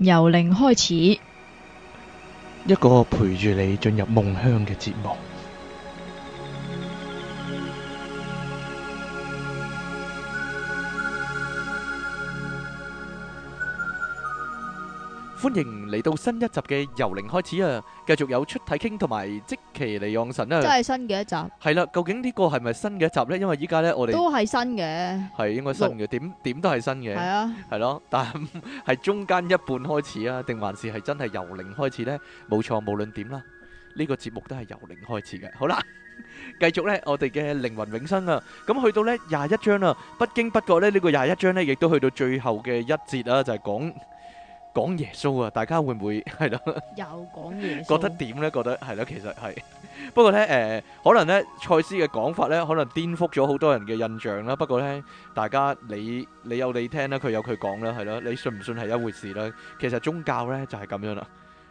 由零開始，一個陪住你進入夢鄉嘅節目。歡迎嚟到新一集嘅由零開始啊！繼續有出體傾同埋即其嚟讓神啊。真係新嘅一集。係啦，究竟呢個係咪新嘅一集咧？因為依家咧我哋都係新嘅。係應該新嘅，點點都係新嘅。係啊，係咯，但係中間一半開始啊，定還是係真係由零開始咧？冇錯，無論點啦，呢個節目都係由零開始嘅。好啦，繼續咧，我哋嘅靈魂永生啊！咁去到咧廿一章啦，不經不覺咧呢個廿一章咧，亦都去到最後嘅一節啦，就係講。講耶穌啊，大家會唔會係咯？有講耶穌 覺得點呢？覺得係咯，其實係。 不過呢，誒、呃，可能呢，賽斯嘅講法呢，可能顛覆咗好多人嘅印象啦。不過呢，大家你你有你聽啦，佢有佢講啦，係咯，你信唔信係一回事啦。其實宗教呢，就係、是、咁樣啦。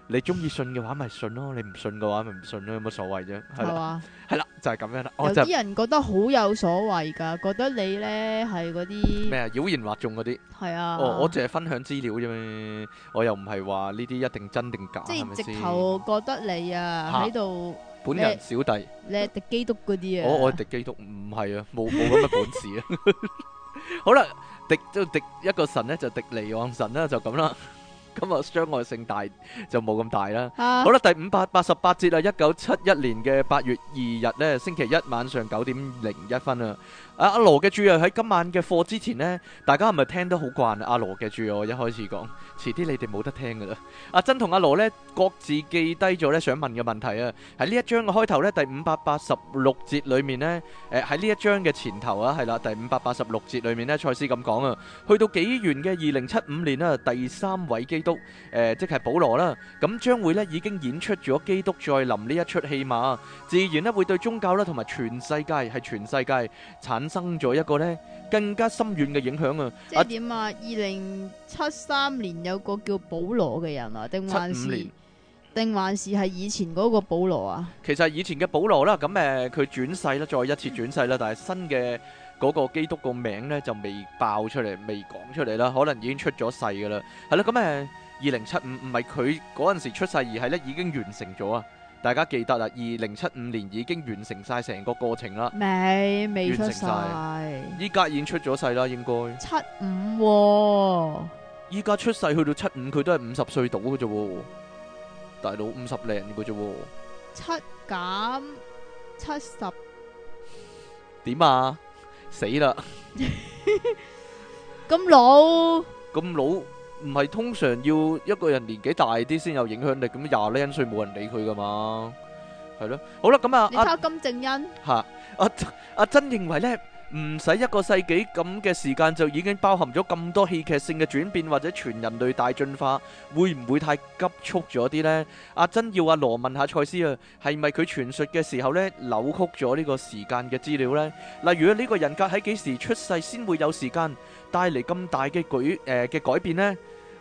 你中意信嘅話咪信咯，你唔信嘅話咪唔信咯，有冇所謂啫？係嘛，係啦，就係咁樣啦。有啲人覺得好有所謂噶，覺得你咧係嗰啲咩啊，妖言惑眾嗰啲。係啊。哦，我淨係分享資料啫咩？我又唔係話呢啲一定真定假。即係直頭覺得你啊，喺度。本人小弟。你係敵基督嗰啲啊？我我敵基督唔係啊，冇冇乜本事啊。好啦，敵就敵一個神咧，就敵尼望神咧，就咁啦。今日傷害性大就冇咁大啦。好啦，第五百八十八節啦，一九七一年嘅八月二日咧，星期一晚上九點零一分啦。阿阿羅嘅注，喺今晚嘅課之前咧，大家係咪聽得好慣啊？阿羅嘅注我一開始講，遲啲你哋冇得聽噶啦。阿珍同阿羅咧，各自記低咗咧想問嘅問題啊。喺呢一章嘅開頭咧，第五百八十六節裏面咧，誒喺呢一章嘅前頭啊，係啦，第五百八十六節裏面咧，賽斯咁講啊，去到紀元嘅二零七五年啦，第三位基。都誒、呃，即係保羅啦，咁將會咧已經演出咗基督再臨呢一出戲嘛，自然咧會對宗教啦同埋全世界係全世界產生咗一個咧更加深遠嘅影響啊！即係點啊？二零七三年有個叫保羅嘅人啊，定還是定七五年還是係以前嗰個保羅啊？其實以前嘅保羅啦，咁誒佢轉世啦，再一次轉世啦，但係新嘅。嗰個基督個名咧就未爆出嚟，未講出嚟啦。可能已經出咗世噶啦，係啦。咁誒，二零七五唔係佢嗰陣時出世而係咧已經完成咗啊！大家記得啦，二零七五年已經完成曬成個過程啦，未未出世，依家已經出咗世啦，應該七五，依家出世去到七五，佢都係五十歲度嘅啫喎，大佬五十零嘅啫喎，七減七十點啊！死啦！咁老咁老，唔係通常要一個人年紀大啲先有影響力咁，廿零歲冇人理佢噶嘛？係咯，好啦，咁啊，你阿金正恩，吓阿阿珍認為咧。唔使一個世紀咁嘅時間就已經包含咗咁多戲劇性嘅轉變或者全人類大進化，會唔會太急促咗啲呢？阿珍要阿羅問下賽斯啊，係咪佢傳述嘅時候呢扭曲咗呢個時間嘅資料呢？例如呢個人格喺幾時出世先會有時間帶嚟咁大嘅改誒嘅改變呢？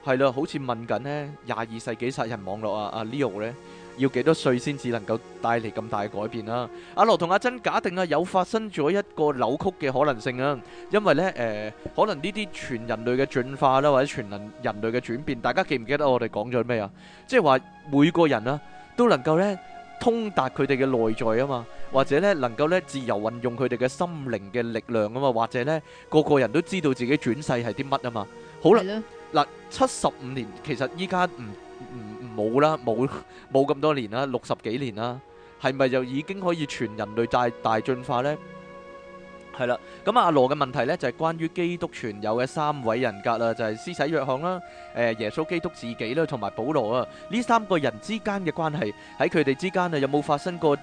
係啦，好似問緊呢廿二世紀殺人網絡啊，阿 Leo 呢。要幾多歲先至能夠帶嚟咁大嘅改變啦？阿羅同阿珍假定啊，有發生咗一個扭曲嘅可能性啊，因為咧誒，可能呢啲全人類嘅進化啦，或者全人類嘅轉變，大家記唔記得我哋講咗咩啊？即係話每個人啊都能夠咧通達佢哋嘅內在啊嘛，或者咧能夠咧自由運用佢哋嘅心靈嘅力量啊嘛，或者咧個個人都知道自己轉世係啲乜啊嘛。好啦，嗱，七十五年，其實依家唔唔。冇啦，冇冇咁多年啦，六十幾年啦，係咪就已經可以全人類大大進化咧？係啦，咁啊，阿羅嘅問題咧就係關於基督存有嘅三位人格啦，就係施洗約翰啦、誒耶穌基督自己啦、同埋保羅啊，呢三個人之間嘅關係喺佢哋之間啊有冇發生過？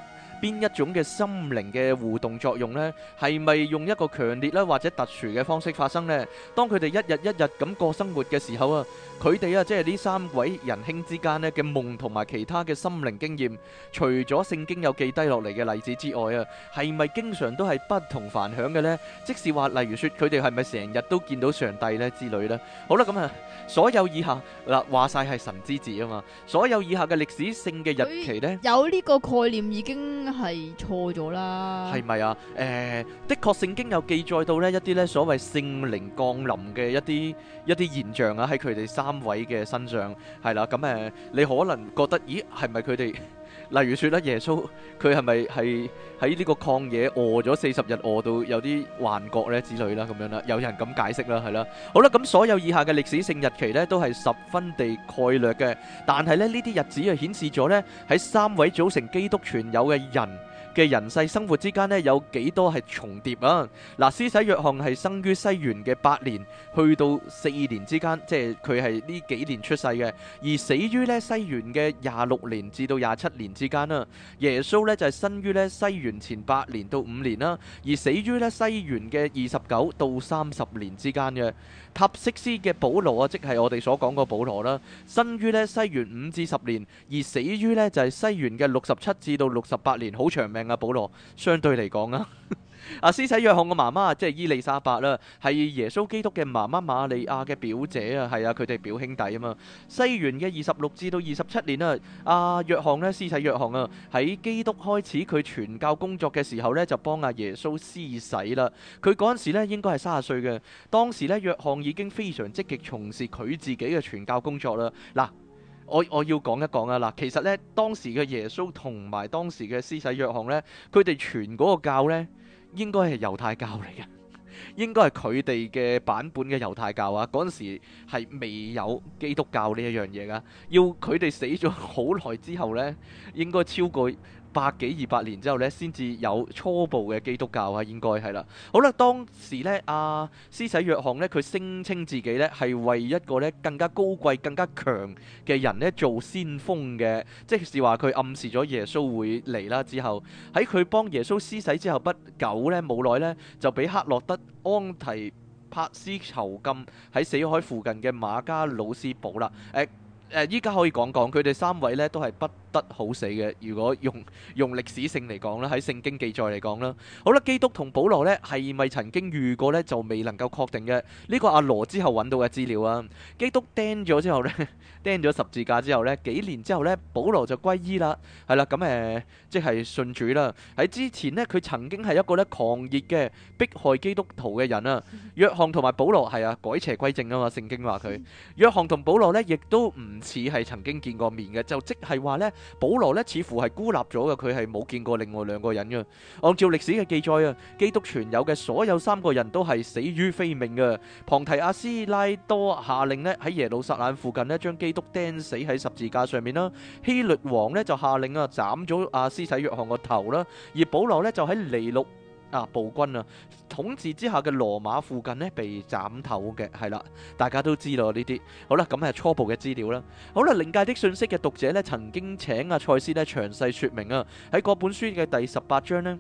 邊一種嘅心靈嘅互動作用咧？係咪用一個強烈咧或者特殊嘅方式發生咧？當佢哋一日一日咁過生活嘅時候啊，佢哋啊，即係呢三位仁兄之間咧嘅夢同埋其他嘅心靈經驗，除咗聖經有記低落嚟嘅例子之外啊，係咪經常都係不同凡響嘅咧？即是話，例如説佢哋係咪成日都見到上帝咧之類咧？好啦，咁啊，所有以下嗱話曬係神之子啊嘛，所有以下嘅歷史性嘅日期咧，有呢個概念已經。係錯咗啦，係咪啊？誒、呃，的確聖經有記載到呢一啲呢所謂聖靈降臨嘅一啲一啲現象啊，喺佢哋三位嘅身上係啦，咁誒、呃，你可能覺得，咦，係咪佢哋？例如説，咧，耶穌佢係咪係喺呢個曠野餓咗四十日，餓到有啲幻覺呢之類啦咁樣啦，有人咁解釋啦，係啦。好啦，咁所有以下嘅歷史性日期呢，都係十分地概略嘅，但係咧呢啲日子係顯示咗呢，喺三位組成基督存有嘅人嘅人世生活之間咧，有幾多係重疊啊？嗱，施洗約翰係生於西元嘅八年，去到四年之間，即係佢係呢幾年出世嘅，而死於咧西元嘅廿六年至到廿七年之間啦。耶穌咧就係生於咧西元前八年到五年啦，而死於咧西元嘅二十九到三十年之間嘅。塔色斯嘅保羅啊，即係我哋所講個保羅啦，生於咧西元五至十年，而死於咧就係西元嘅六十七至到六十八年，好長命。阿保羅相對嚟講啊，阿 施洗約翰嘅媽媽即係伊麗莎白啦，係耶穌基督嘅媽媽瑪利亞嘅表姐啊，係啊佢哋表兄弟啊嘛。西元嘅二十六至到二十七年啦，阿、啊、約翰呢，施洗約翰啊，喺基督開始佢傳教工作嘅時候呢，就幫阿耶穌施洗啦。佢嗰陣時咧應該係三十歲嘅，當時呢，約翰已經非常積極從事佢自己嘅傳教工作啦。嗱。我我要講一講啊嗱，其實呢，當時嘅耶穌同埋當時嘅施洗約翰呢，佢哋傳嗰個教呢，應該係猶太教嚟嘅，應該係佢哋嘅版本嘅猶太教啊。嗰陣時係未有基督教呢一樣嘢噶，要佢哋死咗好耐之後呢，應該超過。百幾二百年之後呢，先至有初步嘅基督教啊，應該係啦。好啦，當時呢，阿、啊、施洗約翰呢，佢聲稱自己呢係為一個呢更加高貴、更加強嘅人呢做先鋒嘅，即係是話佢暗示咗耶穌會嚟啦。之後喺佢幫耶穌施洗之後不久呢，冇耐呢，就俾克洛德安提帕斯囚禁喺死海附近嘅馬加魯斯堡啦。誒、啊、誒，依、啊、家可以講講佢哋三位呢，都係不得好死嘅，如果用用歷史性嚟講啦，喺聖經記載嚟講啦，好啦，基督同保羅呢係咪曾經遇過呢？就未能夠確定嘅呢、呢個阿羅之後揾到嘅資料啊，基督釘咗之後呢，釘咗十字架之後呢，幾年之後呢，保羅就歸依啦，係啦，咁、呃、誒即係信主啦。喺之前呢，佢曾經係一個呢狂熱嘅迫害基督徒嘅人啊， 約翰同埋保羅係啊改邪歸正啊嘛，聖經話佢 約翰同保羅呢亦都唔似係曾經見過面嘅，就即係話呢。保羅咧似乎係孤立咗嘅，佢係冇見過另外兩個人嘅。按照歷史嘅記載啊，基督存有嘅所有三個人都係死於非命嘅。龐提阿斯拉多下令咧喺耶路撒冷附近咧將基督釘死喺十字架上面啦。希律王咧就下令啊斬咗阿施洗約翰個頭啦，而保羅咧就喺尼祿。啊暴君啊統治之下嘅羅馬附近呢，被斬頭嘅係啦，大家都知道呢啲。好啦，咁係初步嘅資料啦。好啦，另界的信息嘅讀者呢，曾經請阿賽斯呢詳細說明啊喺嗰本書嘅第十八章呢。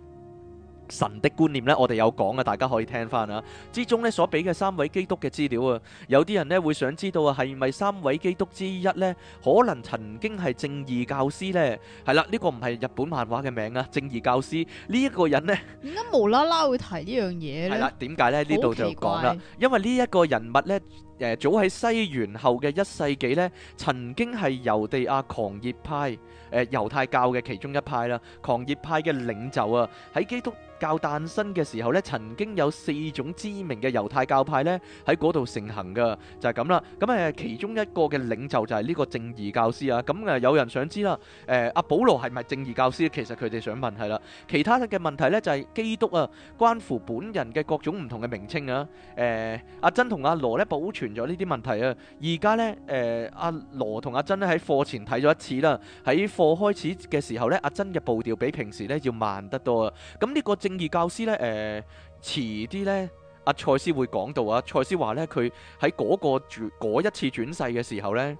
神的觀念呢，我哋有講啊，大家可以聽翻啊。之中呢，所俾嘅三位基督嘅資料啊，有啲人呢會想知道啊，係咪三位基督之一呢？可能曾經係正義教師呢？係啦，呢、這個唔係日本漫畫嘅名啊，正義教師呢一、這個人呢？點解無啦啦會提呢樣嘢呢？係啦，點解呢？呢度就講啦，因為呢一個人物呢。誒，早喺西元後嘅一世紀咧，曾經係猶地亞狂熱派，誒，猶太教嘅其中一派啦。狂熱派嘅領袖啊，喺基督教誕生嘅時候咧，曾經有四種知名嘅猶太教派咧喺嗰度盛行噶，就係咁啦。咁誒，其中一個嘅領袖就係呢個正義教師啊。咁誒，有人想知啦，誒，阿保羅係咪正義教師？其實佢哋想問係啦，其他嘅問題咧就係基督啊，關乎本人嘅各種唔同嘅名稱啊。誒，阿珍同阿羅咧保存。存咗呢啲問題啊！而家咧，誒阿羅同阿珍咧喺課前睇咗一次啦，喺課開始嘅時候咧，阿珍嘅步調比平時咧要慢得多啊！咁呢個正義教師咧，誒、呃、遲啲咧，阿蔡司會講到啊。蔡司話咧，佢喺嗰個轉嗰一次轉世嘅時候咧，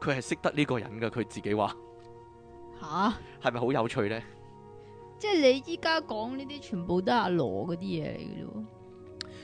佢係識得呢個人㗎，佢自己話吓？係咪好有趣咧？即係你依家講呢啲全部都係阿羅嗰啲嘢嚟嘅咯。」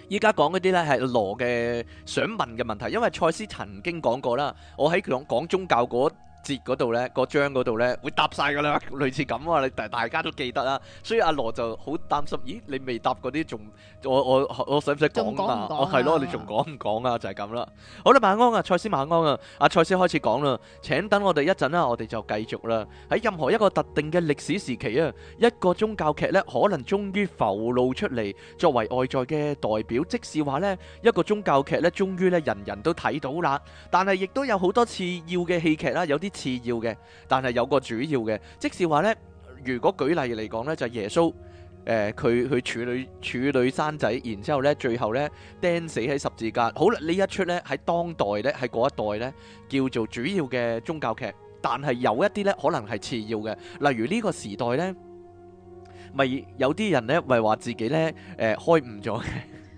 依家講嗰啲咧係羅嘅想問嘅問題，因為賽斯曾經講過啦，我喺講講宗教嗰節嗰度呢個章嗰度呢會搭晒㗎啦，類似咁啊！大家大家都記得啦，所以阿羅就好擔心。咦，你未搭嗰啲仲，我我我使唔使講啊？我係咯，你仲講唔講啊？就係咁啦。好啦，晚安啊，蔡司晚安啊，阿蔡司開始講啦。請等我哋一陣啦，我哋就繼續啦。喺任何一個特定嘅歷史時期啊，一個宗教劇呢可能終於浮露出嚟作為外在嘅代表，即使話呢一個宗教劇呢，終於呢人人都睇到啦。但係亦都有好多次要嘅戲劇啦，有啲。次要嘅，但係有個主要嘅，即是話咧，如果舉例嚟講咧，就耶穌，誒佢去處女處女生仔，然之後咧最後咧釘死喺十字架。好啦，呢一出咧喺當代咧喺嗰一代咧叫做主要嘅宗教劇，但係有一啲咧可能係次要嘅。例如呢個時代咧，咪有啲人咧咪話自己咧誒開悟咗嘅，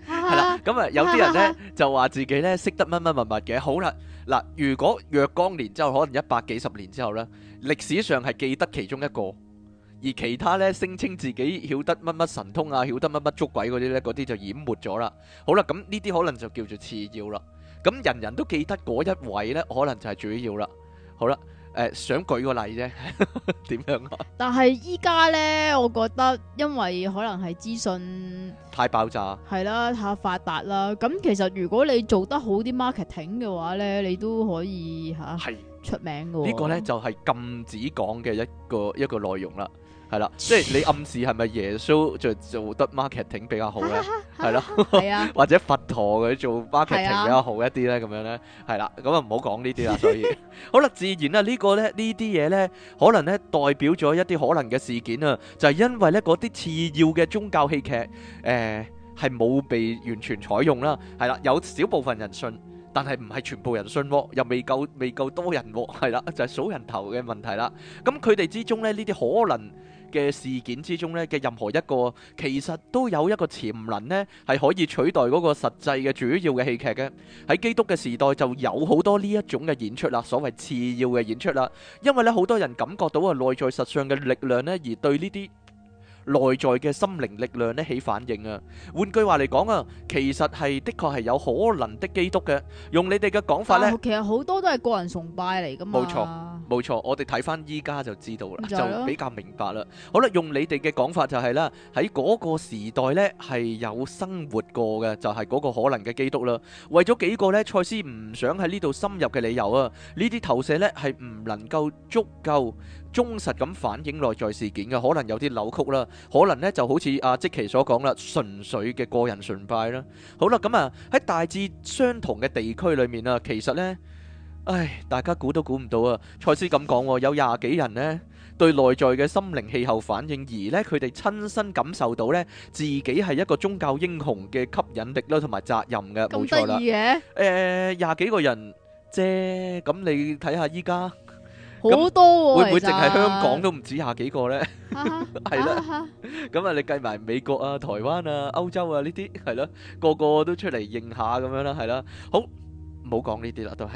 係啦。咁啊有啲人咧就話自己咧識得乜乜物物嘅，好啦。嗱，如果若干年之後，可能一百幾十年之後咧，歷史上係記得其中一個，而其他咧聲稱自己曉得乜乜神通啊、曉得乜乜捉鬼嗰啲咧，嗰啲就掩沒咗啦。好啦，咁呢啲可能就叫做次要啦。咁人人都記得嗰一位咧，可能就係主要啦。好啦。誒、呃、想舉個例啫，點 樣啊？但係依家咧，我覺得因為可能係資訊太爆炸，係啦，太發達啦。咁其實如果你做得好啲 marketing 嘅話咧，你都可以嚇係、啊、的出名嘅。個呢個咧就係、是、禁止講嘅一個一個內容啦。係啦，即係你暗示係咪耶穌就做得 marketing 比較好咧？係咯，或者佛陀佢做 marketing 比較好一啲咧？咁樣咧，係啦，咁啊唔好講呢啲啦。所以，好啦，自然啦，呢個咧呢啲嘢咧，可能咧代表咗一啲可能嘅事件啊，就係因為咧嗰啲次要嘅宗教戲劇誒係冇被完全採用啦。係啦，有少部分人信，但係唔係全部人信，又未夠未夠多人喎。係啦，就係數人頭嘅問題啦。咁佢哋之中咧呢啲可能嘅事件之中咧嘅任何一個，其實都有一個潛能咧，係可以取代嗰個實際嘅主要嘅戲劇嘅。喺基督嘅時代就有好多呢一種嘅演出啦，所謂次要嘅演出啦。因為咧好多人感覺到啊內在實相嘅力量咧，而對呢啲內在嘅心靈力量咧起反應啊。換句話嚟講啊，其實係的確係有可能的基督嘅。用你哋嘅講法咧，其實好多都係個人崇拜嚟噶嘛。冇錯。冇錯，我哋睇翻依家就知道啦，就比較明白啦。好啦，用你哋嘅講法就係啦，喺嗰個時代咧係有生活過嘅，就係嗰個可能嘅基督啦。為咗幾個咧，賽斯唔想喺呢度深入嘅理由啊，呢啲投射咧係唔能夠足夠忠實咁反映內在事件噶，可能有啲扭曲啦，可能咧就好似阿即奇所講啦，純粹嘅個人崇拜啦。好啦，咁啊喺大致相同嘅地區裏面啊，其實咧。唉，大家估都估唔到啊！賽斯咁講，有廿幾人咧對內在嘅心靈氣候反應，而咧佢哋親身感受到咧自己係一個宗教英雄嘅吸引力啦，同埋責任嘅，冇錯啦。咁得意嘅？誒，廿幾個人啫，咁你睇下依家好多，會唔會淨係香港都唔止廿幾個咧？係啦，咁啊，你計埋美國啊、台灣啊、歐洲啊呢啲，係咯，個個都出嚟應下咁樣啦，係啦，好。唔好講呢啲啦，都係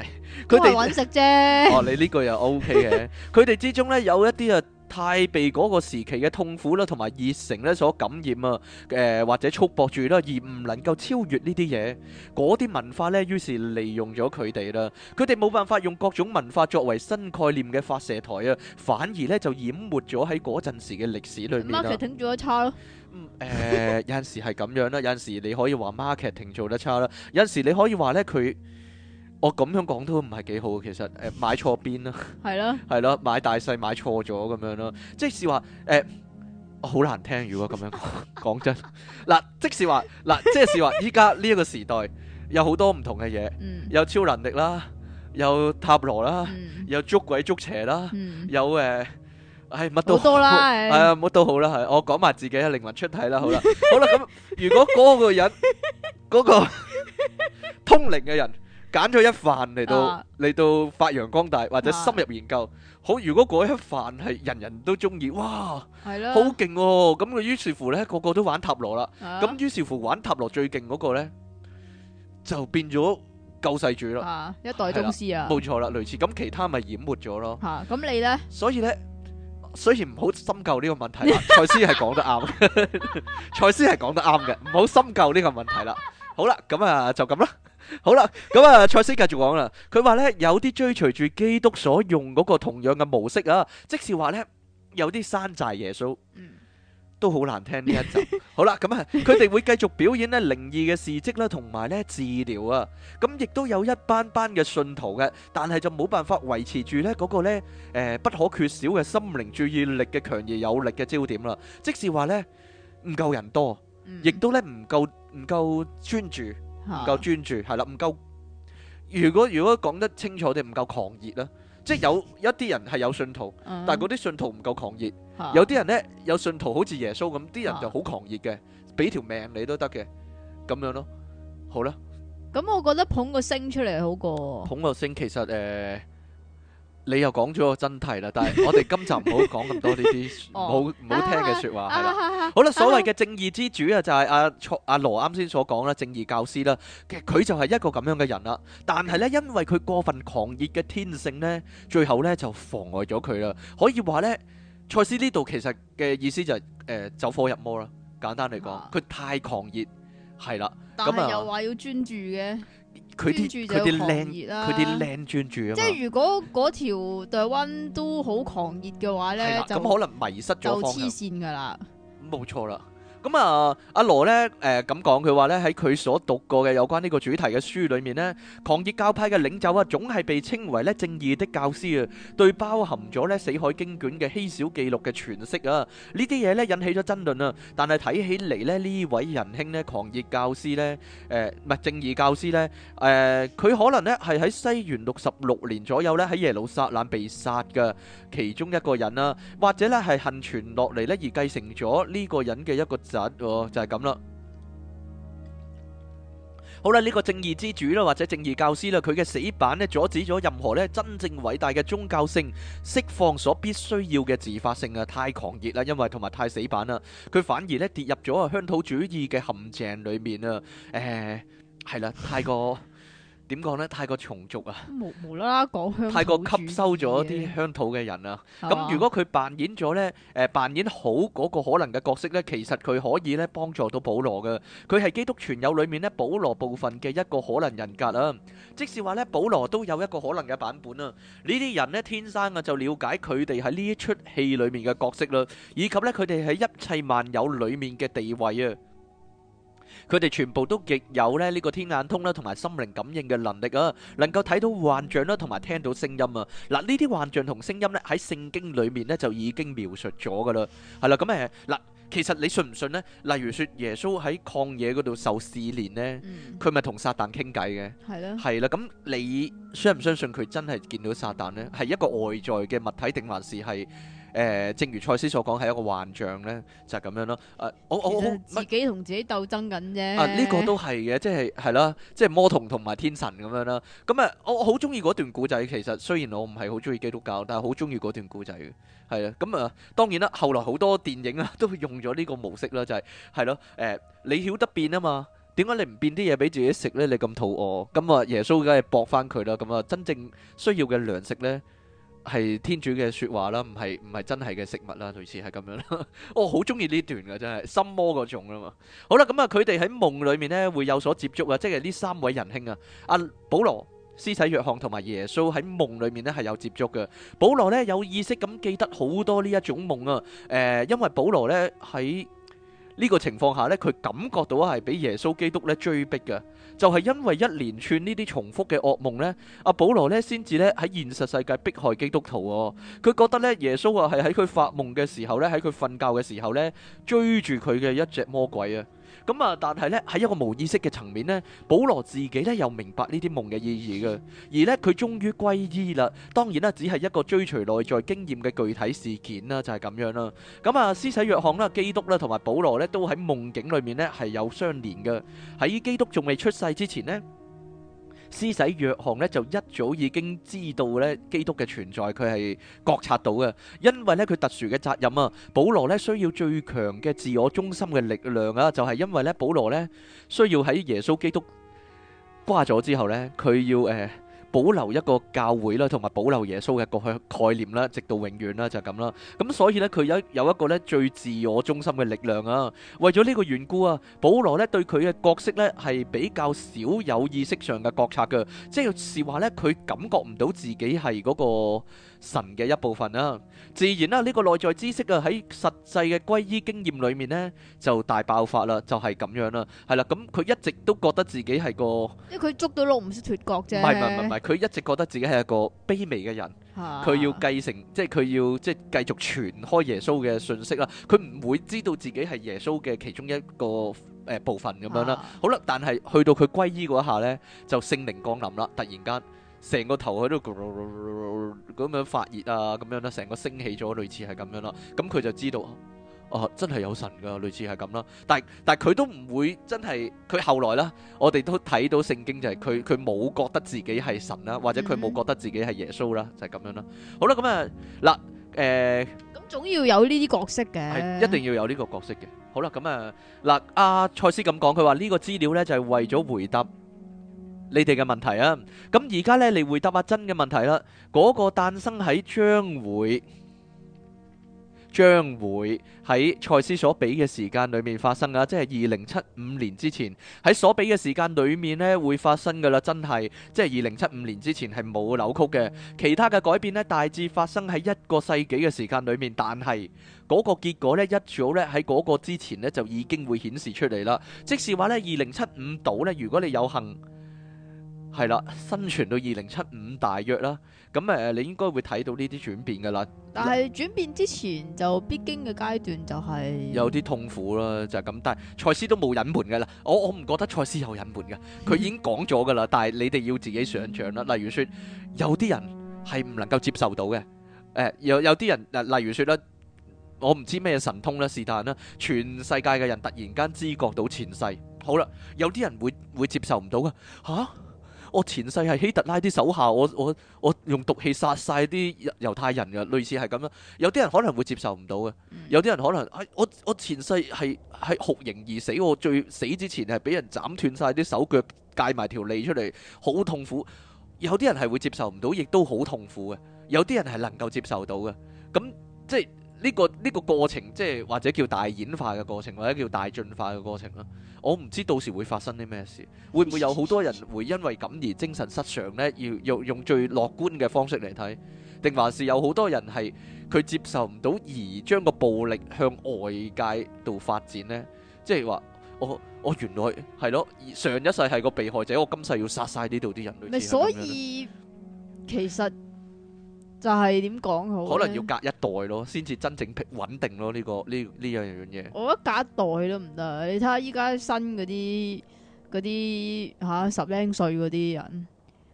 佢哋搵食啫。哦，你呢句又 OK 嘅。佢哋之中咧，有一啲啊，太被嗰個時期嘅痛苦啦，同埋熱誠咧所感染啊。誒，或者束縛住啦，而唔能夠超越呢啲嘢。嗰啲文化咧，於是利用咗佢哋啦。佢哋冇辦法用各種文化作為新概念嘅發射台啊，反而咧就淹沒咗喺嗰陣時嘅歷史裏面啦。marketing 做得差咯。誒，有陣時係咁樣啦，有陣時你可以話 marketing 做得差啦。有陣時你可以話咧佢。我咁樣講都唔係幾好，其實誒、呃、買錯邊啦，係咯，係咯，買大細買錯咗咁樣咯，即是話誒好難聽，如果咁樣講真，嗱， 即是話，嗱，即是話，依家呢一個時代有好多唔同嘅嘢，嗯、有超能力啦，有塔羅啦，嗯、有捉鬼捉邪啦，嗯、有誒，係、呃、乜、哎、都好多啦、哎，係啊，乜都好啦，係我講埋自己嘅靈魂出體啦，好啦， 好啦，咁如果嗰個人嗰、嗰個 通靈嘅人，揀咗一範嚟到，嚟到發揚光大或者深入研究。好，如果嗰一範係人人都中意，哇，係咯，好勁哦！咁佢於是乎咧，個個都玩塔羅啦。咁於是乎玩塔羅最勁嗰個咧，就變咗救世主啦，一代宗師啊！冇錯啦，類似咁，其他咪淹沒咗咯。咁你咧？所以咧，雖然唔好深究呢個問題，賽斯係講得啱，賽斯係講得啱嘅，唔好深究呢個問題啦。好啦，咁啊，就咁啦。好啦，咁、嗯、啊，賽斯繼續講啦。佢話呢，有啲追隨住基督所用嗰個同樣嘅模式啊，即是話呢，有啲山寨耶穌，都好難聽呢一集。好啦，咁、嗯、啊，佢哋 會繼續表演呢靈異嘅事跡啦，同埋呢治療啊。咁亦、啊、都有一班班嘅信徒嘅，但係就冇辦法維持住呢嗰、那個呢誒、呃、不可缺少嘅心靈注意力嘅強而有力嘅焦點啦。即是話呢，唔夠人多，亦都呢唔夠唔夠專注。唔夠專注係啦。唔夠如果，如果講得清楚啲，唔夠狂熱啦。即係有一啲人係有信徒， 但係嗰啲信徒唔夠狂熱。 有啲人咧有信徒，好似耶穌咁，啲人就好狂熱嘅，俾條命你都得嘅咁樣咯。好啦，咁我覺得捧個星出嚟好過捧個星，其實誒。呃你又講咗個真題啦，但係我哋今集唔、 哦、好講咁多呢啲唔好聽嘅説話係啦。好啦，所謂嘅正義之主啊，就係阿阿羅啱先所講啦，正義教師啦，其實佢就係一個咁樣嘅人啦。但係咧，因為佢過分狂熱嘅天性咧，最後咧就妨礙咗佢啦。可以話咧，賽斯呢度其實嘅意思就係、是、誒、呃、走火入魔啦。簡單嚟講，佢、啊、太狂熱係啦。咁但是、嗯、又話要專注嘅。佢啲佢啲靚佢啲靚轉住啊，即係，如果嗰條大灣 都好狂熱嘅話咧，咁的就可能迷失咗就黐線㗎啦。冇錯啦。咁啊，阿羅咧，誒咁講，佢話咧喺佢所讀過嘅有關呢個主題嘅書裏面咧，狂熱教派嘅領袖啊，總係被稱為咧正義的教師啊，對包含咗咧死海經卷嘅稀少記錄嘅詮釋啊，呢啲嘢咧引起咗爭論啊。但係睇起嚟咧，呢位仁兄咧，狂熱教師咧，誒唔係正義教師咧，誒佢可能咧係喺西元六十六年左右咧喺耶路撒冷被殺嘅其中一個人啦，或者咧係幸存落嚟咧而繼承咗呢個人嘅一個。就哦，就係咁啦。好啦，呢個正義之主啦，或者正義教師啦，佢嘅死板咧，阻止咗任何咧真正偉大嘅宗教性釋放所必須要嘅自發性啊，太狂熱啦，因為同埋太死板啦，佢反而咧跌入咗啊鄉土主義嘅陷阱裏面啊，誒，係啦，太過。點講咧？太過重族啊！無無啦啦講鄉。太過吸收咗啲鄉土嘅人啦。咁如果佢扮演咗咧，誒，扮演好嗰個可能嘅角色咧，其實佢可以咧幫助到保羅嘅。佢係基督傳有裏面咧，保羅部分嘅一個可能人格啊。即是話咧，保羅都有一個可能嘅版本啊。呢啲人咧天生啊就瞭解佢哋喺呢一出戲裏面嘅角色啦，以及咧佢哋喺一切萬有裏面嘅地位啊。佢哋全部都亦有咧呢個天眼通啦，同埋心靈感應嘅能力啊，能夠睇到幻象啦，同埋聽到聲音啊。嗱，呢啲幻象同聲音咧喺聖經裏面咧就已經描述咗噶啦，係啦，咁誒，嗱，其實你信唔信咧？例如說耶穌喺曠野嗰度受試煉咧，佢咪同撒旦傾偈嘅，係啦，係啦。咁你相唔相信佢真係見到撒旦咧？係一個外在嘅物體定還是係？誒、呃，正如賽斯所講，係一個幻象咧，就係、是、咁樣咯。誒、呃，我我自己同自己鬥爭緊啫。啊、呃，呢、這個都係嘅，即係係啦，即係魔童同埋天神咁樣啦。咁、嗯、啊，我好中意嗰段古仔。其實雖然我唔係好中意基督教，但係好中意嗰段古仔嘅。係啊，咁、嗯、啊、嗯，當然啦，後來好多電影啊，都用咗呢個模式啦，就係係咯。誒、嗯，你曉得變啊嘛？點解你唔變啲嘢俾自己食咧？你咁肚餓。咁、嗯、啊，耶穌梗係駁返佢啦。咁啊，真正需要嘅糧食咧。係天主嘅説話啦，唔係唔係真係嘅食物啦，類似係咁樣啦。我好中意呢段噶，真係心魔嗰種啊嘛。好啦，咁啊，佢哋喺夢裏面呢，會有所接觸啊，即係呢三位仁兄啊，阿保羅、施洗約翰同埋耶穌喺夢裏面呢係有接觸嘅。保羅呢，有意識咁記得好多呢一種夢啊，誒、呃，因為保羅呢喺。呢個情況下呢，佢感覺到係俾耶穌基督咧追逼嘅，就係因為一連串呢啲重複嘅惡夢呢，阿保羅咧先至咧喺現實世界迫害基督徒哦。佢覺得呢耶穌啊係喺佢發夢嘅時候呢，喺佢瞓覺嘅時候呢追住佢嘅一隻魔鬼啊。咁啊，但係咧喺一個無意識嘅層面呢，保羅自己咧又明白呢啲夢嘅意義嘅，而呢，佢終於歸依啦。當然啦，只係一個追隨內在經驗嘅具體事件啦，就係、是、咁樣啦。咁啊，施洗約翰啦、基督啦同埋保羅呢都喺夢境裏面咧係有相連嘅。喺基督仲未出世之前呢。施洗約翰咧就一早已經知道咧基督嘅存在，佢係覺察到嘅，因為咧佢特殊嘅責任啊。保羅咧需要最強嘅自我中心嘅力量啊，就係、是、因為咧保羅咧需要喺耶穌基督瓜咗之後咧，佢要誒。呃保留一個教會啦，同埋保留耶穌嘅一個概念啦，直到永遠啦，就咁啦。咁所以呢，佢有有一個呢最自我中心嘅力量啊。為咗呢個緣故啊，保羅呢對佢嘅角色呢係比較少有意識上嘅覺察嘅，即係是話呢，佢感覺唔到自己係嗰個。神嘅一部分啦，自然啦，呢個內在知識啊，喺實際嘅皈依經驗裏面呢，就大爆發啦，就係咁樣啦，係啦，咁佢一直都覺得自己係個，因為佢捉到鹿唔識脫角啫，唔係唔係唔係，佢一直覺得自己係一個卑微嘅人，佢要繼承，即係佢要即係繼續傳開耶穌嘅信息啦，佢唔會知道自己係耶穌嘅其中一個誒部分咁樣啦，好啦，但係去到佢皈依嗰一下呢，就聖靈降臨啦，突然間。成個頭喺度咁樣發熱啊，咁樣啦，成個升起咗，類似係咁樣啦。咁佢就知道，哦，真係有神噶，類似係咁啦。但係但係佢都唔會真係，佢後來啦，我哋都睇到聖經就係佢佢冇覺得自己係神啦，或者佢冇覺得自己係耶穌啦，就係咁樣啦。好啦，咁啊嗱，誒，咁總要有呢啲角色嘅，係一定要有呢個角色嘅。好啦，咁啊嗱，阿賽斯咁講，佢話呢個資料咧就係為咗回答。你哋嘅問題啊，咁而家呢，你回答阿珍嘅問題啦。嗰個誕生喺將會將會喺賽斯所俾嘅時間裏面發生啊，即係二零七五年之前喺所俾嘅時間裏面呢會發生噶啦，真係即係二零七五年之前係冇扭曲嘅，其他嘅改變呢大致發生喺一個世紀嘅時間裏面，但係嗰個結果呢，一早呢喺嗰個之前呢就已經會顯示出嚟啦。即是話呢，二零七五到呢，如果你有幸，係啦，生存到二零七五大約啦。咁誒，你應該會睇到呢啲轉變噶啦。但係轉變之前就必經嘅階段就係、是、有啲痛苦啦，就係、是、咁。但係賽斯都冇隱瞞噶啦，我我唔覺得賽斯有隱瞞噶，佢已經講咗噶啦。但係你哋要自己想象啦。例如說，有啲人係唔能夠接受到嘅，誒、呃、有有啲人例如說咧，我唔知咩神通啦，是但啦，全世界嘅人突然間知覺到前世，好啦，有啲人會會接受唔到噶吓。啊我前世係希特拉啲手下，我我我用毒氣殺晒啲猶太人嘅，類似係咁樣。有啲人可能會接受唔到嘅，有啲人可能係、哎、我我前世係係酷刑而死，我最死之前係俾人斬斷晒啲手腳，戒埋條脷出嚟，好痛苦。有啲人係會接受唔到，亦都好痛苦嘅。有啲人係能夠接受到嘅，咁即係。呢個呢個過程，即係或者叫大演化嘅過程，或者叫大進化嘅過程啦。我唔知到時會發生啲咩事，會唔會有好多人會因為咁而精神失常呢？要用最樂觀嘅方式嚟睇，定還是有好多人係佢接受唔到而將個暴力向外界度發展呢？即係話，我我原來係咯，上一世係個被害者，我今世要殺晒呢度啲人類。所以其實。就係點講好？可能要隔一代咯，先至真正平穩定咯。呢、這個呢呢樣樣嘢，這個這個、我覺得隔一代都唔得。你睇下依家新嗰啲嗰啲吓，十零歲嗰啲人，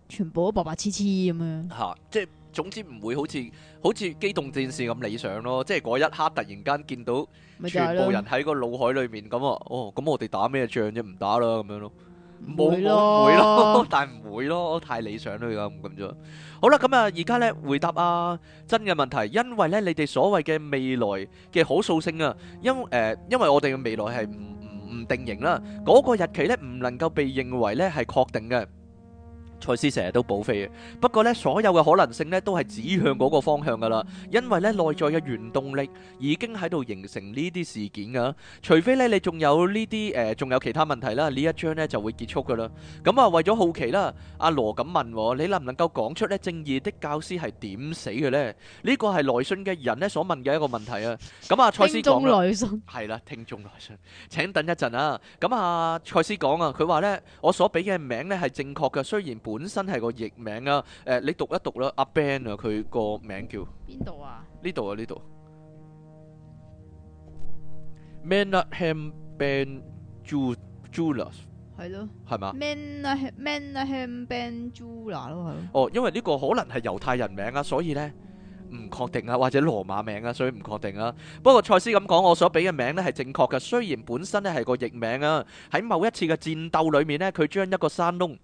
全部都白白黐黐咁樣。嚇！即係總之唔會好似好似《機動戰士》咁理想咯。嗯、即係嗰一刻突然間見到全部人喺個腦海裡面咁啊！哦，咁我哋打咩仗啫？唔打啦咁樣咯。哦冇咯，但係唔會咯，太理想啦咁咁啫。好啦，咁啊，而家咧回答啊珍嘅問題，因為咧你哋所謂嘅未來嘅可塑性啊，因誒、呃，因為我哋嘅未來係唔唔唔定型啦，嗰、那個日期咧唔能夠被認為咧係確定嘅。蔡司成日都保飛嘅，不過咧所有嘅可能性咧都係指向嗰個方向噶啦，因為咧內在嘅原動力已經喺度形成呢啲事件噶，除非咧你仲有呢啲誒仲有其他問題啦，呢一章咧就會結束噶啦。咁啊為咗好奇啦，阿羅咁問我，你能唔能夠講出咧正義的教師係點死嘅咧？呢個係來信嘅人咧所問嘅一個問題啊。咁啊蔡司講啦，係啦，聽眾來信，請等一陣啊。咁啊蔡司講啊，佢話咧我所俾嘅名咧係正確嘅，雖然本本身係個譯名啊，誒，你讀一讀啦，阿 Ben 啊，佢個名叫邊度啊？呢度啊，呢度。Menahem Ben Jules 係咯，係嘛？Menahem Menahem Ben Jules 咯，係。哦，因為呢個可能係猶太人名啊，所以咧唔確定啊，或者羅馬名啊，所以唔確定啊。不過賽斯咁講，我所俾嘅名咧係正確噶，雖然本身咧係個譯名啊，喺某一次嘅戰鬥裏面咧，佢將一個山窿。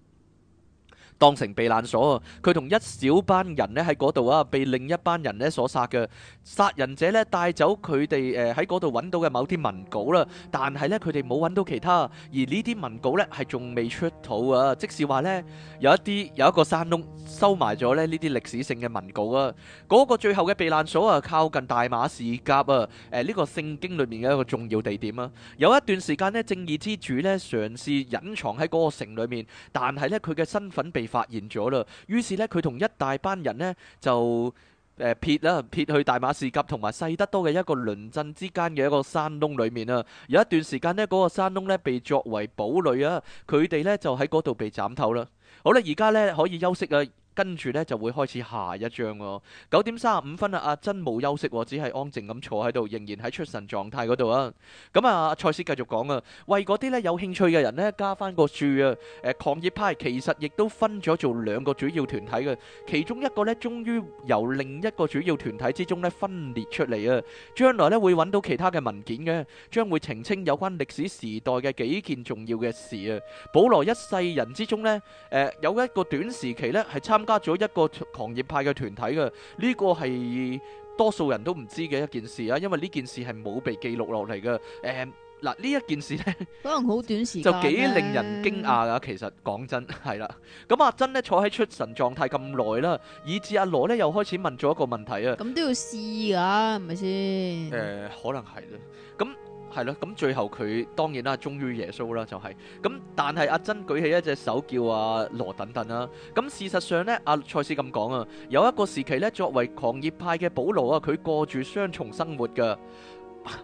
當成避難所啊！佢同一小班人呢喺嗰度啊，被另一班人呢所殺嘅。殺人者呢帶走佢哋，誒喺嗰度揾到嘅某啲文稿啦，但係呢佢哋冇揾到其他。而呢啲文稿呢係仲未出土啊，即是話呢有一啲有一個山窿收埋咗呢呢啲歷史性嘅文稿啊。嗰個最後嘅避難所啊，靠近大馬士革啊，誒呢個聖經裏面嘅一個重要地點啊。有一段時間呢，正義之主呢嘗試隱藏喺嗰個城裏面，但係呢佢嘅身份被。發現咗啦，於是呢，佢同一大班人呢就、呃、撇啦，撇去大馬士革同埋細得多嘅一個鄰鎮之間嘅一個山窿裏面啦。有一段時間呢，嗰個山窿呢被作為堡壘啊，佢哋呢就喺嗰度被斬頭啦。好啦，而家呢可以休息啊。跟住咧就會開始下一章喎。九點三十五分啊，阿珍冇休息喎，只係安靜咁坐喺度，仍然喺出神狀態嗰度啊。咁啊，賽斯繼續講啊，為嗰啲咧有興趣嘅人咧加翻個注啊。誒，狂熱派其實亦都分咗做兩個主要團體嘅，其中一個咧終於由另一個主要團體之中咧分裂出嚟啊。將來咧會揾到其他嘅文件嘅，將會澄清有關歷史時代嘅幾件重要嘅事啊。保羅一世人之中咧，誒有一個短時期咧係參加咗一個狂熱派嘅團體嘅呢、這個係多數人都唔知嘅一件事啊，因為呢件事係冇被記錄落嚟嘅。誒、呃，嗱呢一件事咧，可能好短時間就幾令人驚訝噶。嗯、其實講真係啦，咁、嗯、阿珍咧坐喺出神狀態咁耐啦，以至阿羅咧又開始問咗一個問題啊。咁都、嗯、要試噶，係咪先？誒、呃，可能係啦。咁、嗯。係咯，咁最後佢當然啦，忠於耶穌啦，就係咁。但係阿珍舉起一隻手叫阿羅等等啦。咁事實上咧，阿賽斯咁講啊，有一個時期咧，作為狂熱派嘅保羅啊，佢過住雙重生活噶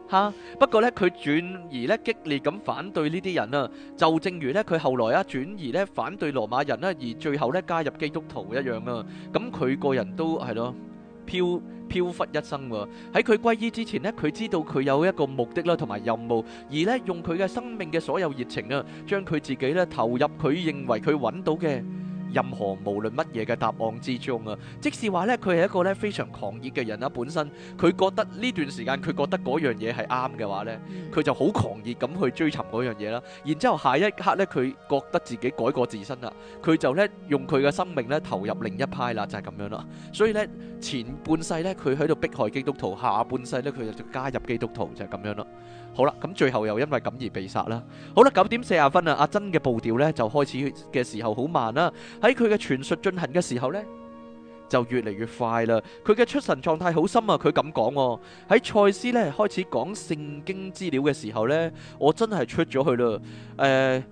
吓。不過咧，佢轉移咧激烈咁反對呢啲人啊，就正如咧佢後來啊轉移咧反對羅馬人咧，而最後咧加入基督徒一樣啊。咁佢個人都係咯，飄飄忽一生喎，喺佢皈依之前呢，佢知道佢有一個目的啦，同埋任務，而呢，用佢嘅生命嘅所有熱情啊，將佢自己呢投入佢認為佢揾到嘅。任何無論乜嘢嘅答案之中啊，即使話呢，佢係一個咧非常狂熱嘅人啦，本身佢覺得呢段時間佢覺得嗰樣嘢係啱嘅話呢，佢就好狂熱咁去追尋嗰樣嘢啦。然之後下一刻呢，佢覺得自己改過自身啦，佢就呢用佢嘅生命呢投入另一派啦，就係咁樣啦。所以呢，前半世呢，佢喺度迫害基督徒，下半世呢，佢就加入基督徒，就係咁樣啦。好啦，咁最後又因為咁而被殺啦。好啦，九點四十分啊，阿珍嘅步調呢，就開始嘅時候好慢啦，喺佢嘅傳述進行嘅時候呢，就越嚟越快啦。佢嘅出神狀態好深啊，佢咁講喎。喺賽斯呢，開始講聖經資料嘅時候呢，我真係出咗去啦，誒、呃。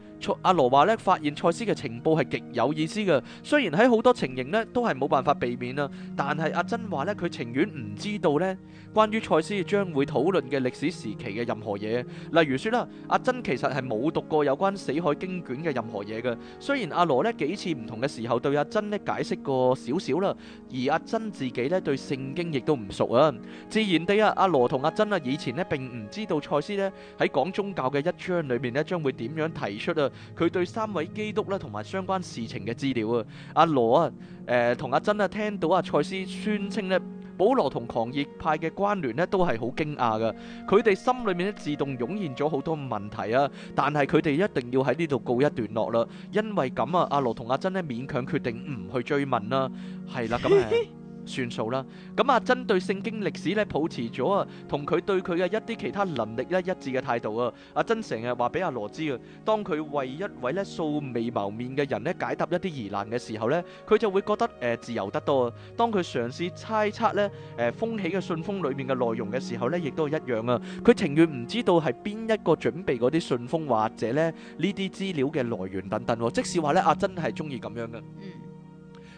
阿羅話咧，啊、發現賽斯嘅情報係極有意思嘅。雖然喺好多情形呢都係冇辦法避免啊，但係阿珍話咧，佢情願唔知道呢，關於賽斯將會討論嘅歷史時期嘅任何嘢，例如說啦，阿珍其實係冇讀過有關死海經卷嘅任何嘢嘅。雖然阿羅呢幾次唔同嘅時候對阿珍呢解釋過少少啦，而阿珍自己呢對聖經亦都唔熟啊。自然地啊，阿羅同阿珍啊以前呢並唔知道賽斯呢喺講宗教嘅一章裏面呢將會點樣提出啊。佢對三位基督咧同埋相關事情嘅資料啊，羅啊，阿羅啊，誒，同阿珍啊，聽到阿、啊、賽斯宣稱咧，保羅同狂熱派嘅關聯咧，都係好驚訝噶。佢哋心裏面咧自動湧現咗好多問題啊，但係佢哋一定要喺呢度告一段落啦，因為咁啊，阿羅同阿珍咧勉強決定唔去追問、啊、啦，係啦咁啊。 算數啦，咁阿真對聖經歷史咧保持咗啊，同佢對佢嘅一啲其他能力咧一致嘅態度啊。阿真成日話俾阿羅知啊，當佢為一位咧素未謀面嘅人咧解答一啲疑難嘅時候咧，佢就會覺得誒自由得多。當佢嘗試猜測咧誒封起嘅信封裏面嘅內容嘅時候咧，亦都係一樣啊。佢情願唔知道係邊一個準備嗰啲信封或者咧呢啲資料嘅來源等等。即使話咧阿真係中意咁樣嘅。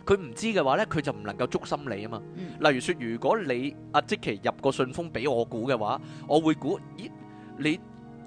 佢唔知嘅話咧，佢就唔能夠捉心理啊嘛。嗯、例如說，如果你阿即其入個信封俾我估嘅話，我會估，咦，你，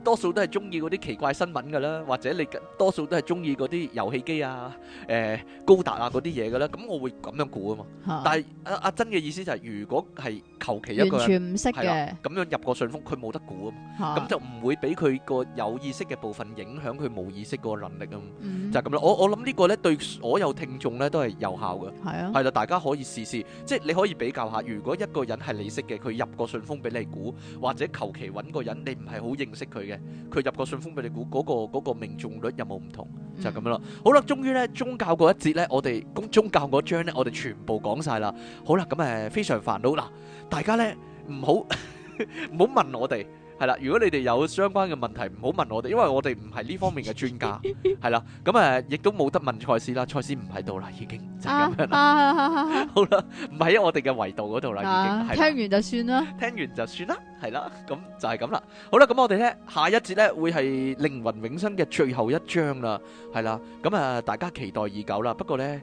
多數都係中意嗰啲奇怪新聞噶啦，或者你多數都係中意嗰啲遊戲機啊、誒高達啊嗰啲嘢噶啦，咁我會咁樣估啊嘛。但係阿阿珍嘅意思就係，如果係求其一個人係啦，咁樣入個信封，佢冇得估啊嘛，咁就唔會俾佢個有意識嘅部分影響佢冇意識嗰個能力啊嘛。就係咁啦。我我諗呢個咧對所有聽眾咧都係有效嘅。係啊。係啦，大家可以試試，即係你可以比較下，如果一個人係你識嘅，佢入個信封俾你估，或者求其搵個人，你唔係好認識佢嘅。佢入個信封俾你股嗰個，嗰個命中率有冇唔同，就係咁樣啦。好啦，終於咧宗教嗰一節咧，我哋咁宗教嗰章咧，我哋全部講晒啦。好啦，咁誒非常煩惱。嗱，大家咧唔好唔 好問我哋。係啦，如果你哋有相關嘅問題，唔好問我哋，因為我哋唔係呢方面嘅專家，係啦， 咁誒，亦都冇得問賽斯啦，賽斯唔喺度啦，已經就咁樣啦。啊啊啊、 好啦，唔喺我哋嘅維度嗰度啦。啊、已經聽完就算啦，聽完就算啦，係啦，咁就係咁啦。好啦，咁我哋咧下一節咧會係靈魂永生嘅最後一章啦，係啦，咁啊大家期待已久啦，不過咧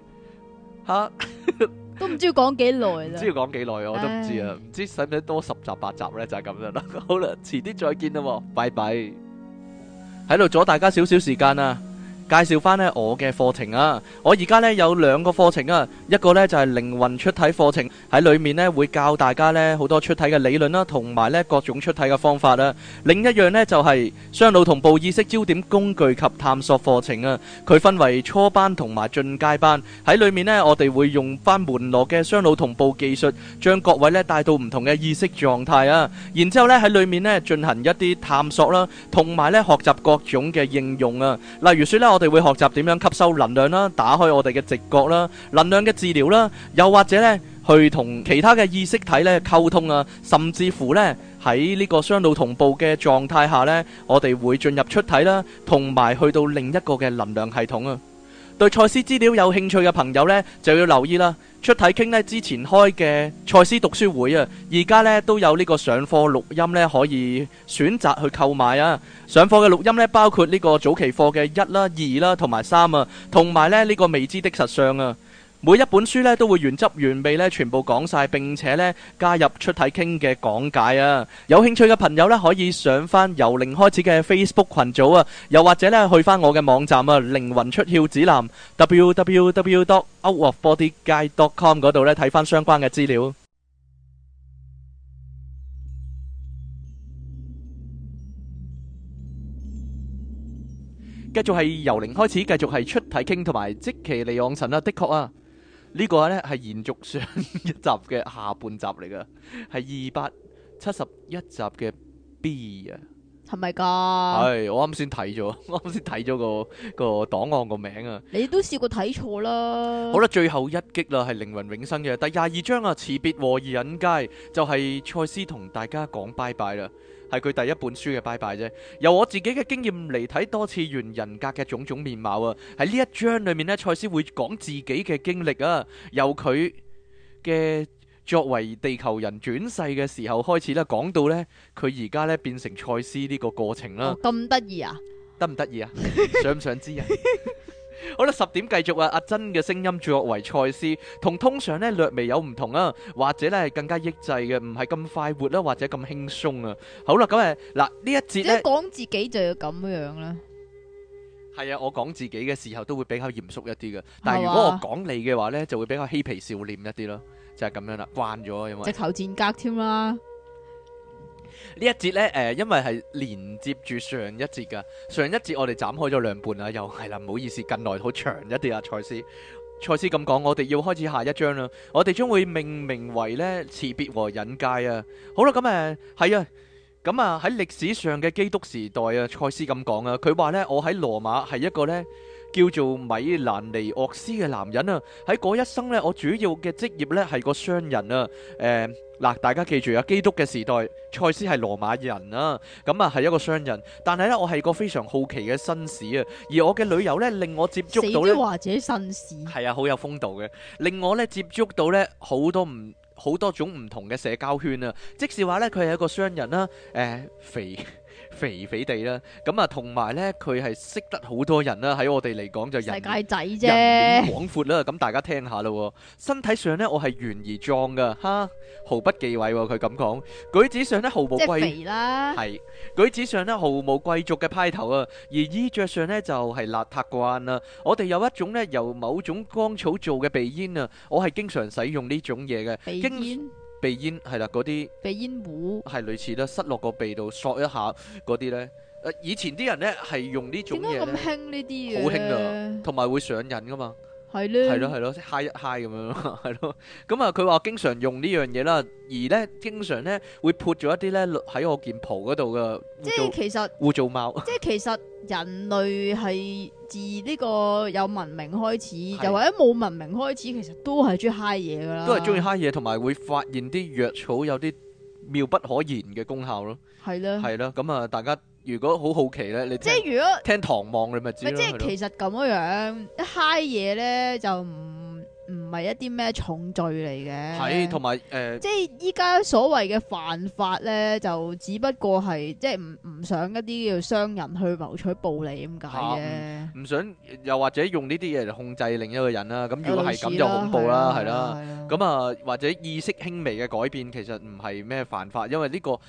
吓。 都唔知要講幾耐啦，唔知要講幾耐我都唔知啊，唔唉 知使唔使多十集八集呢？就係咁樣啦。好啦，遲啲再見啦，拜拜。喺度 阻大家少少時間啊，介紹翻呢我嘅課程啊，我而家呢，有兩個課程啊，一個呢，就係靈魂出體課程。喺裏面咧會教大家咧好多出體嘅理論啦，同埋咧各種出體嘅方法啦。另一樣咧就係雙腦同步意識焦點工具及探索課程啊。佢分為初班同埋進階班。喺裏面咧，我哋會用返門羅嘅雙腦同步技術，將各位咧帶到唔同嘅意識狀態啊。然之後咧喺裏面咧進行一啲探索啦，同埋咧學習各種嘅應用啊。例如說咧，我哋會學習點樣吸收能量啦，打開我哋嘅直覺啦，能量嘅治療啦，又或者咧。去同其他嘅意識體咧溝通啊，甚至乎呢，喺呢個雙腦同步嘅狀態下呢，我哋會進入出體啦，同埋去到另一個嘅能量系統啊。對賽斯資料有興趣嘅朋友呢，就要留意啦。出體傾呢之前開嘅賽斯讀書會啊，而家呢都有呢個上課錄音呢，可以選擇去購買啊。上課嘅錄音呢，包括呢個早期課嘅一啦、二啦同埋三啊，同埋呢呢個未知的實相啊。每一本書咧都會原汁原味咧全部講晒，並且咧加入出體傾嘅講解啊！有興趣嘅朋友咧可以上翻由零開始嘅 Facebook 群組啊，又或者咧去翻我嘅網站啊靈魂出竅指南 www.outofbodyguide.com 嗰度咧睇翻相關嘅資料。繼續係由零開始，繼續係出體傾同埋即其利往神啊！的確啊！個呢個咧係延續上一集嘅下半集嚟㗎，係二百七十一集嘅 B 啊，係咪㗎？係我啱先睇咗，我啱先睇咗個個檔案個名啊！你都試過睇錯啦！好啦，最後一擊啦，係靈魂永生嘅第廿二章啊，辭別和引介就係賽斯同大家講拜拜啦。係佢第一本書嘅拜拜啫。由我自己嘅經驗嚟睇，多次元人格嘅種種面貌啊，喺呢一章裏面呢，賽斯會講自己嘅經歷啊，由佢嘅作為地球人轉世嘅時候開始啦，講到呢，佢而家呢變成賽斯呢個過程啦。咁得意啊？得唔得意啊？啊 想唔想知啊？ 好啦，十點繼續啊！阿珍嘅聲音作為賽斯，同通常咧略微有唔同啊，或者咧係更加抑制嘅，唔係咁快活啦，或者咁輕鬆啊。好啦，咁啊嗱，呢一節咧，講自己就要咁樣啦。係啊，我講自己嘅時候都會比較嚴肅一啲嘅，但係如果我講你嘅話咧，就會比較嬉皮笑臉一啲咯，就係咁樣啦。慣咗因為，直頭戰格添啦。一節呢一節呢，誒，因為係連接住上一節噶，上一節我哋斬開咗兩半啦，又係啦，唔好意思，近來好長一啲啊，蔡斯，蔡斯咁講，我哋要開始下一章啦，我哋將會命名為呢「辭別和引介」啊，好啦，咁誒係啊，咁、嗯、啊喺歷、嗯嗯、史上嘅基督時代啊，蔡斯咁講啊，佢話呢，我喺羅馬係一個呢。叫做米蘭尼奧斯嘅男人啊，喺嗰一生咧，我主要嘅職業咧係個商人啊。誒，嗱，大家記住啊，基督嘅時代，賽斯係羅馬人啊，咁啊係一個商人。但係咧，我係個非常好奇嘅紳士啊。而我嘅旅遊咧，令我接觸到咧，或者紳士係啊，好有風度嘅，令我咧接觸到咧好多唔好多種唔同嘅社交圈啊。即使話咧佢係一個商人啦，誒，肥。肥肥地啦，咁啊，同埋咧，佢係識得好多人啦，喺我哋嚟講就人世界仔啫，人面廣闊啦，咁大家聽下咯。身體上咧，我係圓而壯噶，吓毫不忌諱，佢咁講。舉止上咧，毫無貴係，舉止上咧，毫無貴族嘅派頭啊。而衣着上咧，就係邋遢慣啦。我哋有一種咧，由某種乾草做嘅鼻煙啊，我係經常使用呢種嘢嘅鼻煙。鼻煙係啦，嗰啲鼻煙壺係類似咧，塞落個鼻度索一下嗰啲咧。誒、呃，以前啲人咧係用呢種嘢，點解咁興呢啲嘢？好興啊，同埋會上癮噶嘛。係咯，係咯，係咯，嗨一嗨咁樣，係咯。咁啊，佢話經常用呢樣嘢啦，而咧經常咧會潑咗一啲咧喺我件袍嗰度嘅，即係其實污糟貓。即係其實人類係自呢個有文明開始，的就或者冇文明開始，其實都係中意嗨嘢噶啦。都係中意嗨嘢，同埋會發現啲藥草有啲妙不可言嘅功效咯。係咯的，係咯，咁、嗯、啊，大家。如果好好奇咧，你即係如果聽唐望你咪知咪即係其實咁樣一嗨嘢咧就唔唔係一啲咩重罪嚟嘅。係同埋誒，即係依家所謂嘅犯法咧，就只不過係即係唔唔想一啲叫商人去謀取暴利咁解嘅。唔想又或者用呢啲嘢嚟控制另一個人啦。咁如果係咁就恐怖啦，係啦。咁啊或者意識輕微嘅改變其實唔係咩犯法，因為呢個。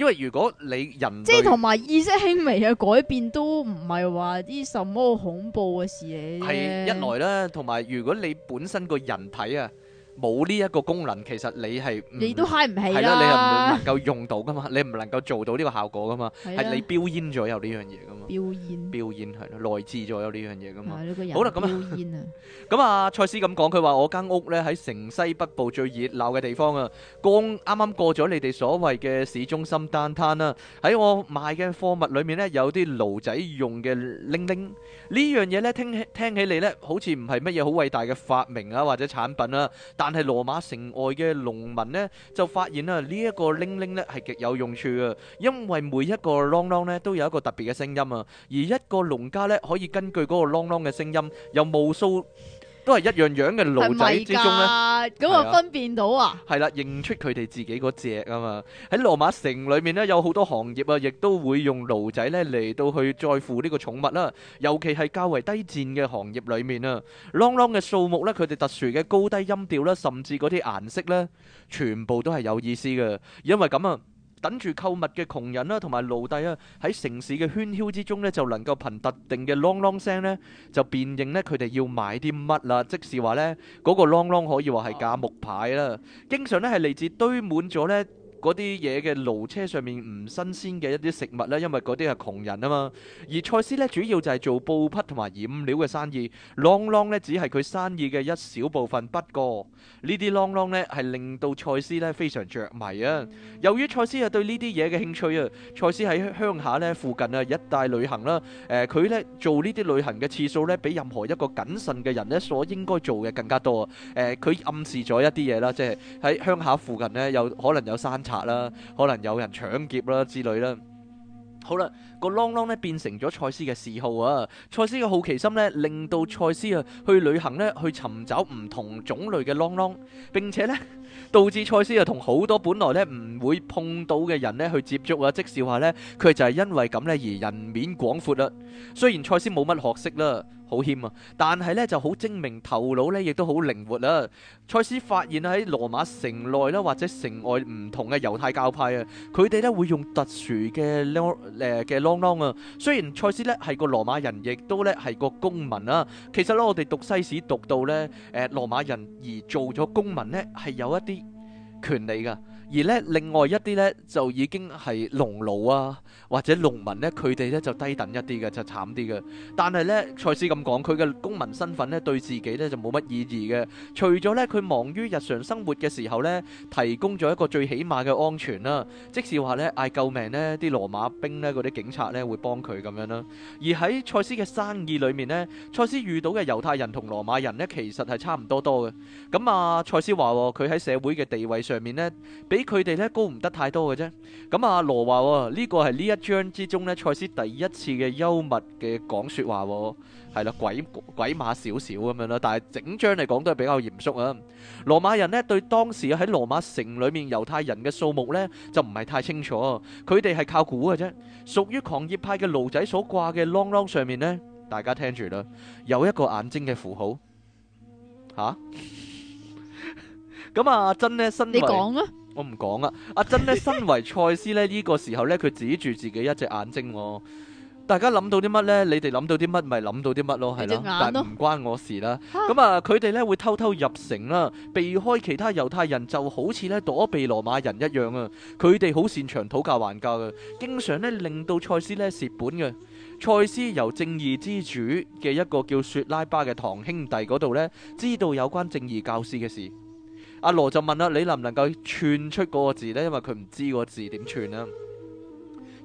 因為如果你人即係同埋意識輕微嘅改變都唔係話啲什麼恐怖嘅事嚟，係一來啦，同埋如果你本身個人體啊。冇呢一個功能，其實你係你都嗨唔起啦。係咯，你係唔能夠用到噶嘛，你唔能夠做到呢個效果噶嘛，係你標煙咗有呢樣嘢噶嘛。標煙。標煙係咯，內置咗有呢樣嘢噶嘛。係你個人。好啦，咁啊。標煙啊。咁啊，賽斯咁講，佢話我間屋咧喺城西北部最熱鬧嘅地方啊，剛啱啱過咗你哋所謂嘅市中心單攤啦。喺我賣嘅貨物裏面咧，有啲爐仔用嘅鈴鈴呢樣嘢咧，聽起聽起嚟咧，好似唔係乜嘢好偉大嘅發明啊，或者產品啦。但係羅馬城外嘅農民呢，就發現啊呢一個鈴鈴呢係極有用處嘅，因為每一個啷啷呢都有一個特別嘅聲音啊，而一個農家呢，可以根據嗰個啷啷嘅聲音，有無數都係一樣樣嘅奴仔之中咧，咁啊分辨到啊，係啦、啊啊，認出佢哋自己嗰隻啊嘛。喺羅馬城裏面咧，有好多行業啊，亦都會用奴仔咧嚟到去在乎呢個寵物啦、啊。尤其係較為低賤嘅行業裏面啊，啷啷嘅數目咧，佢哋特殊嘅高低音調啦，甚至嗰啲顏色咧，全部都係有意思嘅，因為咁啊。等住購物嘅窮人啦、啊，同埋奴隸啊，喺城市嘅喧囂之中咧，就能夠憑特定嘅啷啷聲咧，就辨認咧佢哋要買啲乜啦。即是話呢，嗰、那個啷啷可以話係假木牌啦，經常咧係嚟自堆滿咗呢。嗰啲嘢嘅驢車上面唔新鮮嘅一啲食物啦，因為啲係窮人啊嘛。而賽斯咧主要就係做布匹同埋染料嘅生意，啷啷咧只係佢生意嘅一小部分。不過呢啲啷啷咧係令到賽斯咧非常着迷啊。由於賽斯啊對呢啲嘢嘅興趣啊，賽斯喺鄉下咧附近啊一帶旅行啦。誒佢咧做呢啲旅行嘅次數咧，比任何一個謹慎嘅人咧所應該做嘅更加多啊。誒、呃、佢暗示咗一啲嘢啦，即係喺鄉下附近咧有可能有山。啦，可能有人搶劫啦之類啦。好啦，個啷啷咧變成咗賽斯嘅嗜好啊。賽斯嘅好奇心咧，令到賽斯啊去旅行咧，去尋找唔同種類嘅啷啷，並且咧導致賽斯啊同好多本來咧唔會碰到嘅人咧去接觸啊。即係話咧，佢就係因為咁咧而人面廣闊啦。雖然賽斯冇乜學識啦。好謙啊！但係咧就好精明，頭腦咧亦都好靈活啦、啊。賽斯發現喺羅馬城內啦，或者城外唔同嘅猶太教派啊，佢哋咧會用特殊嘅誒嘅啷啷啊。雖然賽斯咧係個羅馬人，亦都咧係個公民啦、啊。其實我哋讀西史讀到咧，誒、呃、羅馬人而做咗公民咧係有一啲權利㗎。而呢另外一啲呢，就已經係農奴啊，或者農民呢，佢哋呢就低等一啲嘅，就慘啲嘅。但係呢，賽斯咁講，佢嘅公民身份呢，對自己呢就冇乜意義嘅。除咗呢，佢忙於日常生活嘅時候呢，提供咗一個最起碼嘅安全啦。即使話呢，嗌救命呢啲羅馬兵呢嗰啲警察呢會幫佢咁樣啦。而喺賽斯嘅生意裏面呢，賽斯遇到嘅猶太人同羅馬人呢，其實係差唔多多嘅。咁啊，賽斯話喎，佢喺社會嘅地位上面呢，比佢哋咧高唔得太多嘅啫，咁啊羅話呢個係呢一章之中咧，賽斯第一次嘅幽默嘅講說話，係啦鬼鬼馬少少咁樣啦，但係整章嚟講都係比較嚴肅啊。羅馬人呢對當時喺羅馬城裏面猶太人嘅數目咧就唔係太清楚，佢哋係靠估嘅啫。屬於狂熱派嘅奴仔所掛嘅啷啷上面呢。大家聽住啦，有一個眼睛嘅符號，吓、啊，咁 啊珍呢，身為你講啊。我唔講啦，阿珍呢，身為賽斯呢，呢、這個時候呢，佢指住自己一隻眼睛，哦，大家諗到啲乜呢？你哋諗到啲乜咪諗到啲乜咯，係啦，但係唔關我事啦。咁啊哈，佢哋呢會偷偷入城啦，啊，避開其他猶太人，就好似呢躲避羅馬人一樣啊。佢哋好擅長討價還價嘅，經常呢令到賽斯呢蝕本嘅。賽斯由正義之主嘅一個叫雪拉巴嘅堂兄弟嗰度呢，知道有關正義教師嘅事。阿羅就問啦，你能唔能夠串出嗰個字呢？因為佢唔知個字點串啦。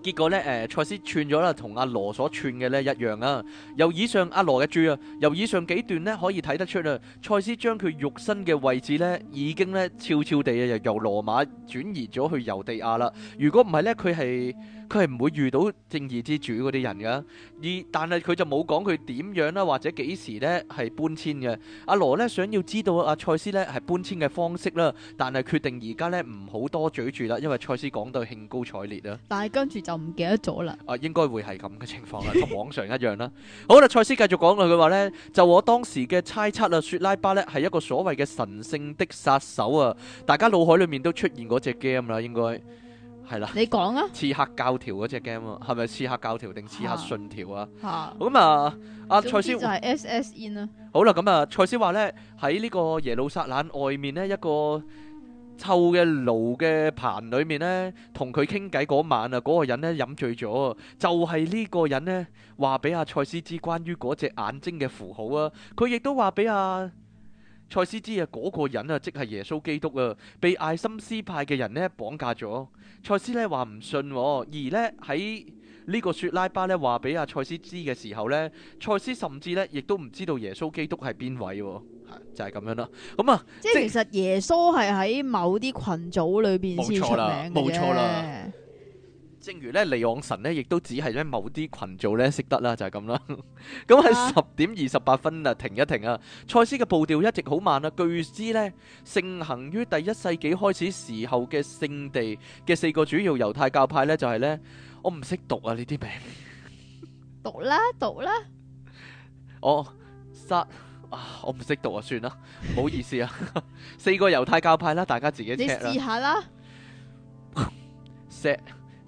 結果、呃、呢，誒，賽斯串咗啦，同阿羅所串嘅呢一樣啊。由以上阿羅嘅注啊，由以上幾段呢可以睇得出啦，賽斯將佢肉身嘅位置呢已經呢悄悄地啊，由羅馬轉移咗去猶地亞啦。如果唔係呢，佢係。佢係唔會遇到正義之主嗰啲人噶，而但係佢就冇講佢點樣啦，或者幾時咧係搬遷嘅。阿羅咧想要知道阿賽、啊、斯咧係搬遷嘅方式啦，但係決定而家咧唔好多嘴住啦，因為賽斯講到興高采烈啦。但係跟住就唔記得咗啦。啊，應該會係咁嘅情況啊，同往常一樣啦。 好啦，賽斯繼續講啦，佢話咧就我當時嘅猜測啦，雪拉巴咧係一個所謂嘅神聖的殺手啊，大家腦海裏面都出現嗰隻 game 啦，應該。係啦，你講啊！刺客教條嗰隻 game 啊，係咪刺客教條定刺客信條 啊？吓，咁啊，阿蔡思，就係 S S i 好啦，咁啊，蔡思話咧喺呢個耶路撒冷外面咧一個臭嘅爐嘅盤裏面咧，同佢傾偈嗰晚啊，嗰、嗰個人咧飲醉咗，就係、係、呢個人咧話俾阿蔡思知關於嗰隻眼睛嘅符號啊，佢亦都話俾阿。蔡斯知啊，嗰個人啊，即係耶穌基督啊，被艾森斯派嘅人呢綁架咗。蔡斯呢話唔信，而呢喺呢個雪拉巴呢話俾阿蔡斯知嘅時候呢，蔡斯甚至呢亦都唔知道耶穌基督係邊位，係就係、是、咁樣啦。咁、嗯、啊，即係是即其實耶穌係喺某啲群組裏邊先出名嘅啫。正如咧嚟昂神咧，亦都只係咧某啲群組咧識得啦，就係咁啦。咁喺十點二十八分啊，停一停啊！賽斯嘅步調一直好慢啊。據知咧，盛行於第一世紀開始時候嘅聖地嘅四個主要猶太教派咧，就係、是、咧，我唔識讀啊呢啲名讀啦，讀啦讀啦。 我 s 啊，我唔識讀啊，算啦，唔 好意思啊。 四個猶太教派啦，大家自己 c 試下啦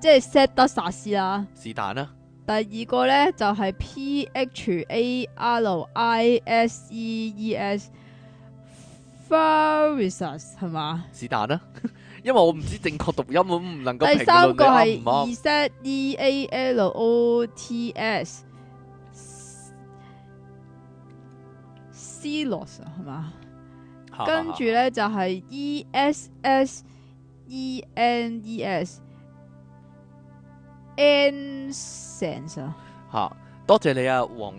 即係 set 得煞事啊？是但啦。第二個咧就係 p h a r i s e e s f a r i s 係嘛？是但啦，因為我唔知正確讀音，我唔能夠。第三個係 e s e a l o t s，closs 啊嘛，跟住咧就係 e s s e n e s。n s 吓 In、啊，多謝你阿、啊、黃，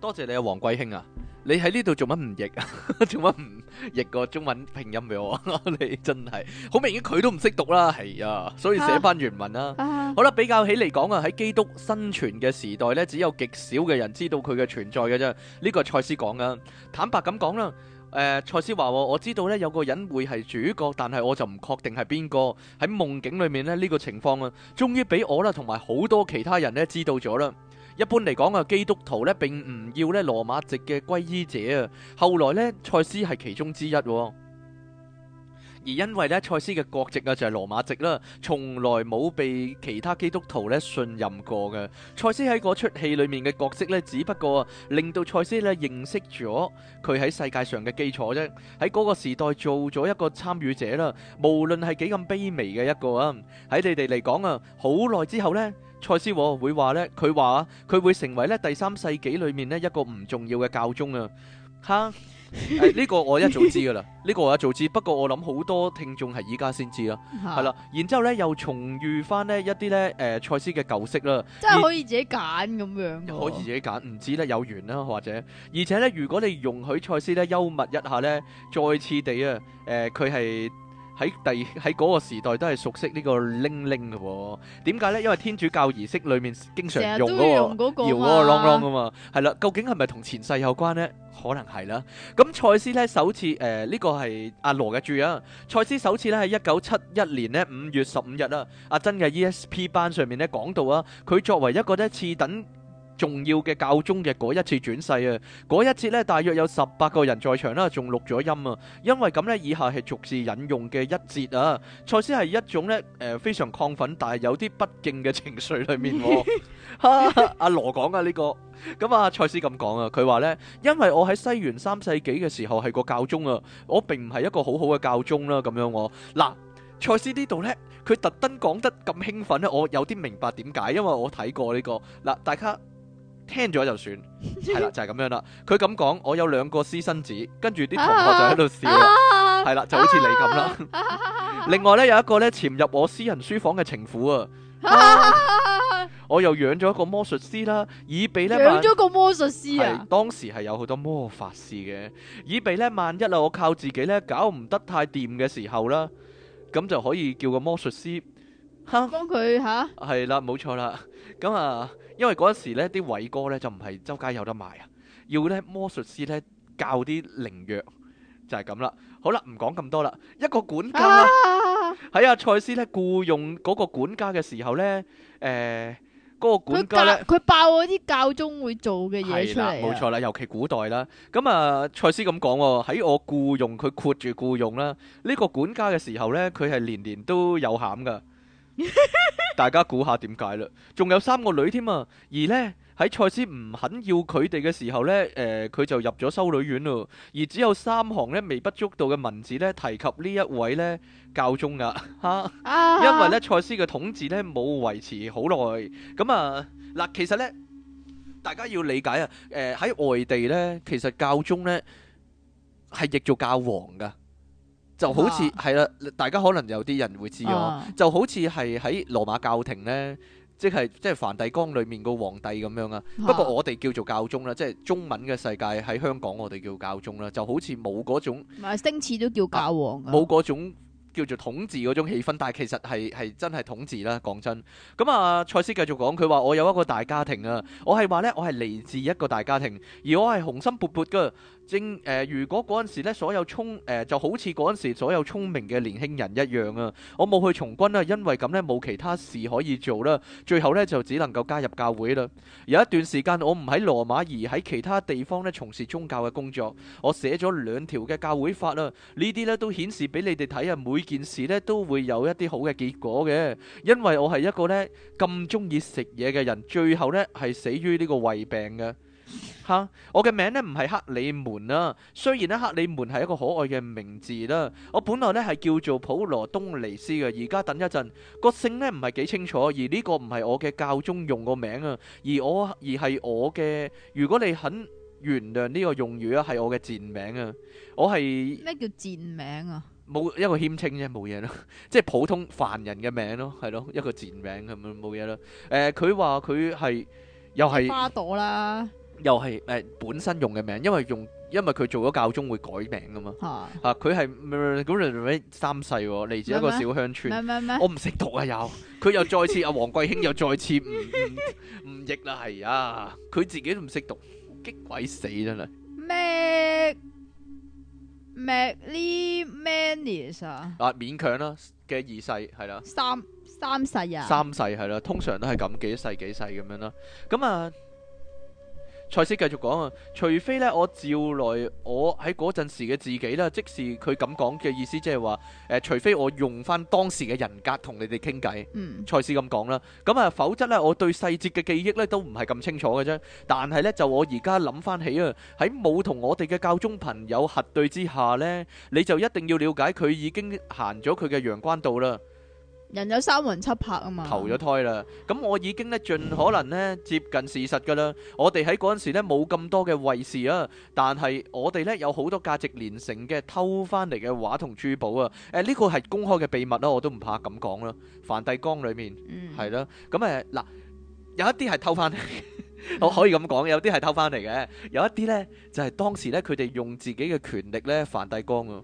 多謝你阿黃貴卿啊！你喺呢度做乜唔譯啊？做乜唔譯個中文拼音俾我？ 你真係好明顯佢都唔識讀啦，係啊，所以寫翻原文啦。啊啊、好啦，比較起嚟講啊，喺基督生存嘅時代咧，只有極少嘅人知道佢嘅存在嘅啫。呢、這個賽斯講噶，坦白咁講啦。呃，賽斯話：我知道咧有個人會係主角，但係我就唔確定係邊個喺夢境裏面咧呢個情況啊。終於俾我啦，同埋好多其他人咧知道咗啦。一般嚟講啊，基督徒咧並唔要咧羅馬籍嘅皈依者啊。後來咧，賽斯係其中之一。而因為咧，賽斯嘅國籍啊，就係羅馬籍啦，從來冇被其他基督徒咧信任過嘅。賽斯喺嗰出戲裡面嘅角色咧，只不過令到賽斯咧認識咗佢喺世界上嘅基礎啫。喺嗰個時代做咗一個參與者啦，無論係幾咁卑微嘅一個啊。喺你哋嚟講啊，好耐之後咧，賽斯會話咧，佢話佢會成為咧第三世紀裡面咧一個唔重要嘅教宗啊。吓，呢、哎這個我一早知噶啦，呢 個我一早知，不過我諗好多聽眾係依家先知啦，係啦哈，然之後咧又重遇翻呢一啲咧誒賽斯嘅舊識啦，即係可以自己揀咁樣，又可以自己揀，唔知咧有緣啦或者，而且咧如果你容許賽斯咧幽默一下咧，再次地啊誒佢係。呃喺第喺嗰個時代都係熟悉個鈴鈴、哦、呢個鈴鈴嘅，點解咧？因為天主教儀式裏面經常用嗰、那個搖嗰個啷啷噶嘛，係啦。究竟係咪同前世有關咧？可能係啦、啊。咁賽斯咧首次誒呢、呃這個係阿羅嘅注啊。賽斯首次咧喺一九七一年咧五月十五日啦、啊。阿珍嘅 ESP 班上面咧講到啊，佢作為一個咧次等。重要嘅教宗嘅嗰一次轉世啊，嗰一節咧大約有十八個人在場啦，仲錄咗音啊。因為咁咧，以下係逐字引用嘅一節啊。賽斯係一種咧誒，非常亢奮但係有啲不敬嘅情緒裏面。阿羅講啊呢個咁啊，賽斯咁講啊，佢話咧，因為我喺西元三世紀嘅時候係個教宗啊，我並唔係一個好好嘅教宗啦。咁樣我嗱，賽斯呢度咧，佢特登講得咁興奮咧，我有啲明白點解，因為我睇過呢個嗱，大家。聽咗就算，係啦 就係、是、咁樣啦。佢咁講，我有兩個私生子，跟住啲同學就喺度笑，係啦 就好似你咁啦。 另外咧有一個咧潛入我私人書房嘅情婦 啊，我又養咗一個魔術師啦，以備咧萬養咗個魔術師啊。當時係有好多魔法師嘅，以備咧萬一啊，我靠自己咧搞唔得太掂嘅時候啦，咁就可以叫個魔術師，吓幫佢吓。係啦，冇錯啦。咁啊、嗯，因為嗰陣時咧，啲偉哥咧就唔係周街有得賣啊，要咧魔術師咧教啲靈藥，就係咁啦。好啦，唔講咁多啦。一個管家喺阿賽斯咧僱用嗰個管家嘅時候咧，誒、呃、嗰、那個管家佢爆嗰啲教宗會做嘅嘢出嚟。係啦，冇錯啦，尤其古代啦。咁、嗯、啊，賽斯咁講喎，喺我僱用佢括住僱用啦呢、這個管家嘅時候咧，佢係年年都有餡噶。大家估下點解啦？仲有三個女添啊！而咧喺賽斯唔肯要佢哋嘅時候咧，誒，佢就入咗修女院咯。而只有三行咧微不足道嘅文字咧提及呢一位咧教宗噶吓，因為咧賽斯嘅統治咧冇維持好耐。咁啊嗱，其實咧大家要理解啊，誒喺外地咧，其實教宗咧係譯做教皇噶。就好似係啦，啊、大家可能有啲人會知道。啊、就好似係喺羅馬教廷呢，即係即係梵蒂岡裏面個皇帝咁樣啊。不過我哋叫做教宗啦，即係中文嘅世界喺香港，我哋叫教宗啦。就好似冇嗰種，唔係，啊，星都叫教皇，冇嗰，啊、種叫做統治嗰種氣氛。但係其實係係真係統治啦。講真，咁啊，賽斯繼續講，佢話我有一個大家庭啊。我係話呢，我係嚟自一個大家庭，而我係雄心勃勃噶。正誒，如果嗰陣時呢，所有聰誒就好似嗰陣時所有聰明嘅年輕人一樣啊，我冇去從軍啊，因為咁呢冇其他事可以做啦，最後呢就只能夠加入教會啦。有一段時間我唔喺羅馬而喺其他地方呢，從事宗教嘅工作，我寫咗兩條嘅教會法啦。呢啲呢都顯示俾你哋睇啊，每件事呢都會有一啲好嘅結果嘅，因為我係一個呢咁鍾意食嘢嘅人，最後呢係死於呢個胃病嘅。哈！我嘅名咧唔係克里門啦，雖然咧克里門係一個可愛嘅名字啦。我本來咧係叫做普羅東尼斯嘅，而家等一陣，個姓咧唔係幾清楚，而呢個唔係我嘅教中用個名啊，而我而係我嘅，如果你肯原諒呢個用語啊，係我嘅賤名啊，我係咩叫賤名啊？冇一個謙稱啫，冇嘢咯，即係普通凡人嘅名咯，係咯，一個賤名咁樣冇嘢啦。誒，佢話佢係又係花朵啦。又係誒，本身用嘅名，因為用，因為佢做咗教宗會改名噶嘛。啊，佢係咁嚟自三世，嚟自一個小鄉村。我唔識讀啊，又佢又再次阿黃桂興又再次唔唔譯啦，係啊，佢自己都唔識讀，激鬼死真係。Mac Mac Lee Manias 啊，啊勉強啦嘅二世係啦，三三世啊，三世係啦，通常都係咁幾多世幾世咁樣啦，咁啊。賽斯繼續講啊，除非咧我召來我喺嗰陣時嘅自己啦，即是佢咁講嘅意思，即係話誒，除非我用翻當時嘅人格同你哋傾偈，嗯，賽斯咁講啦。咁啊，否則咧，我對細節嘅記憶咧都唔係咁清楚嘅啫。但係咧，就我而家諗翻起啊，喺冇同我哋嘅教宗朋友核對之下咧，你就一定要了解佢已經行咗佢嘅陽關道啦。人有三魂七魄啊嘛，投咗胎啦。咁我已經咧盡可能咧接近事實噶啦。嗯、我哋喺嗰陣時咧冇咁多嘅衛士啊，但係我哋咧有好多價值連城嘅偷翻嚟嘅畫同珠寶啊。誒、呃，呢、這個係公開嘅秘密啦，我都唔怕咁講啦。梵蒂岡裏面係、嗯、啦。咁誒嗱，有一啲係偷翻嚟， 我可以咁講。有啲係偷翻嚟嘅，有一啲咧就係、是、當時咧佢哋用自己嘅權力咧梵蒂岡啊，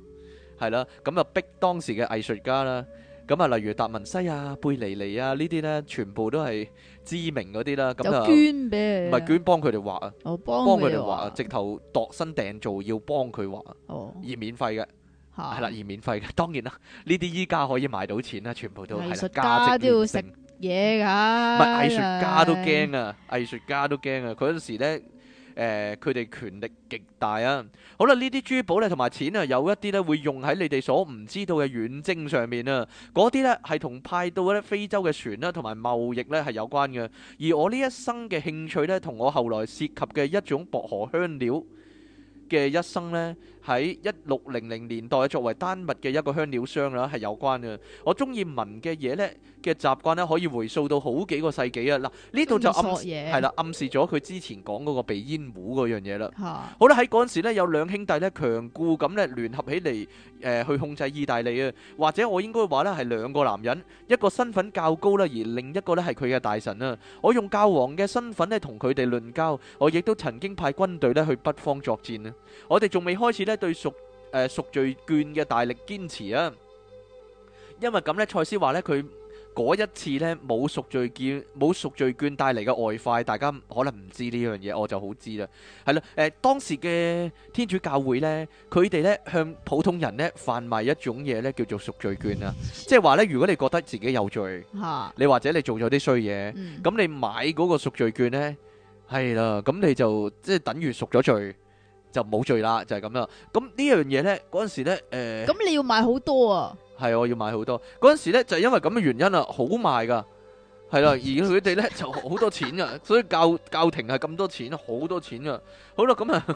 係啦。咁就逼當時嘅藝術家啦。咁啊，例如達文西啊、貝尼尼啊呢啲咧，全部都係知名嗰啲啦。咁就捐俾唔係捐，幫佢哋畫啊，幫佢哋畫啊，直頭度身訂造要幫佢畫，而免費嘅，係啦，而免費嘅。當然啦，呢啲依家可以賣到錢啦，全部都係啦，價值都要食嘢噶，唔係藝術家都驚啊，藝術家都驚啊，佢嗰時咧。誒佢哋權力極大啊！好啦，呢啲珠寶咧同埋錢啊，有一啲咧會用喺你哋所唔知道嘅遠征上面啊，嗰啲咧係同派到嘅非洲嘅船咧同埋貿易咧係有關嘅。而我呢一生嘅興趣咧，同我後來涉及嘅一種薄荷香料嘅一生呢，喺一六零零年代，作為丹麥嘅一個香料商啦，係有關嘅。我中意聞嘅嘢咧嘅習慣咧，可以回溯到好幾個世紀啊！嗱，呢度就暗示係啦，暗示咗佢之前講嗰個鼻煙壺嗰樣嘢啦。嚇！好啦，喺嗰陣時咧，有兩兄弟咧，強固咁咧，聯合起嚟，誒，去控制意大利啊！或者我應該話咧，係兩個男人，一個身份較高啦，而另一個咧係佢嘅大臣啊！我用教皇嘅身份咧，同佢哋論交。我亦都曾經派軍隊咧去北方作戰啊！我哋仲未開始咧。喺對贖誒贖罪券嘅大力堅持啊，因為咁咧，蔡思話咧佢嗰一次咧冇贖罪券冇贖罪券帶嚟嘅外快，大家可能唔知呢樣嘢，我就好知啦。係啦，誒，當時嘅天主教會咧，佢哋咧向普通人咧販賣一種嘢咧，叫做贖罪券啊，即係話咧，如果你覺得自己有罪，吓，你或者你做咗啲衰嘢，咁你買嗰個贖罪券咧，係啦，咁你就即係等於贖咗罪。就冇罪啦，就係咁啦。咁呢樣嘢咧，嗰陣時咧，誒、呃，咁你要買好多啊？係我要買好多。嗰陣時咧，就係、是、因為咁嘅原因啊，好賣噶，係啦。而佢哋咧就好多錢啊，所以教教廷係咁多錢，好多錢啊。好啦，咁啊。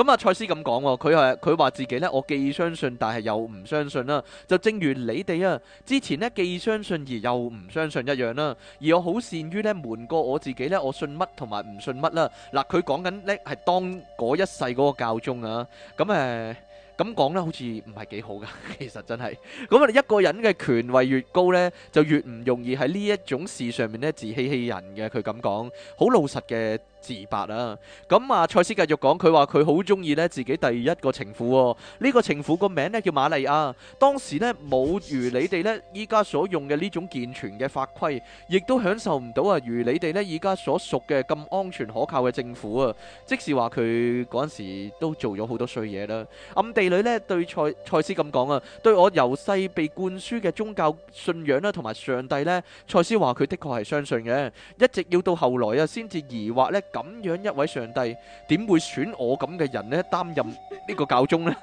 咁啊，蔡斯咁講，佢係佢話自己咧，我既相信，但係又唔相信啦。就正如你哋啊，之前咧既相信而又唔相信一樣啦。而我好善於咧瞞過我自己咧，我信乜同埋唔信乜啦。嗱，佢講緊咧係當嗰一世嗰個教宗啊，咁誒，咁講咧好似唔係幾好噶。其實真係，我哋一個人嘅權位越高咧，就越唔容易喺呢一種事上面咧自欺欺人嘅。佢咁講，好老實嘅。自白啊！咁啊，蔡斯繼續講，佢話佢好中意呢自己第一個情婦、哦、呢、這個情婦個名呢叫瑪麗亞。當時呢，冇如你哋呢依家所用嘅呢種健全嘅法規，亦都享受唔到啊如你哋呢依家所屬嘅咁安全可靠嘅政府啊。即使話佢嗰陣時都做咗好多衰嘢啦。暗地裏呢，對蔡蔡斯咁講啊，對我由細被灌輸嘅宗教信仰啦，同埋上帝呢，蔡斯話佢的確係相信嘅，一直要到後來啊先至疑惑呢。咁樣一位上帝，點會選我咁嘅人呢擔任呢個教宗呢？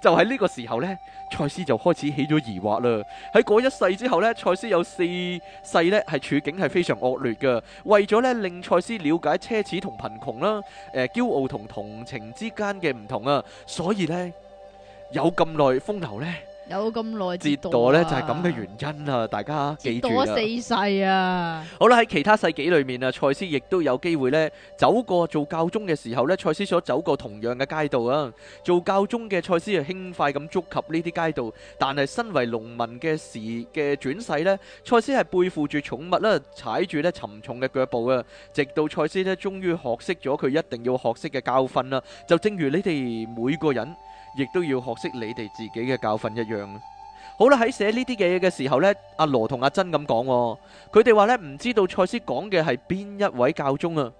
就喺呢個時候呢，賽斯就開始起咗疑惑啦。喺嗰一世之後呢，賽斯有四世呢係處境係非常惡劣㗎。為咗呢令賽斯了解奢侈同貧窮啦，誒，驕傲同同情之間嘅唔同啊，所以呢有咁耐風流呢，有咁耐折墮呢，就係咁嘅原因，大家記住，折墮四世呀！好啦，喺其他世紀裏面，賽斯亦都有機會呢，亦都要學識你哋自己嘅教訓一樣。好啦，喺寫呢啲嘅嘢嘅時候呢，啊、羅阿羅同阿珍咁講，佢哋話呢，唔知道賽斯講嘅係邊一位教宗啊。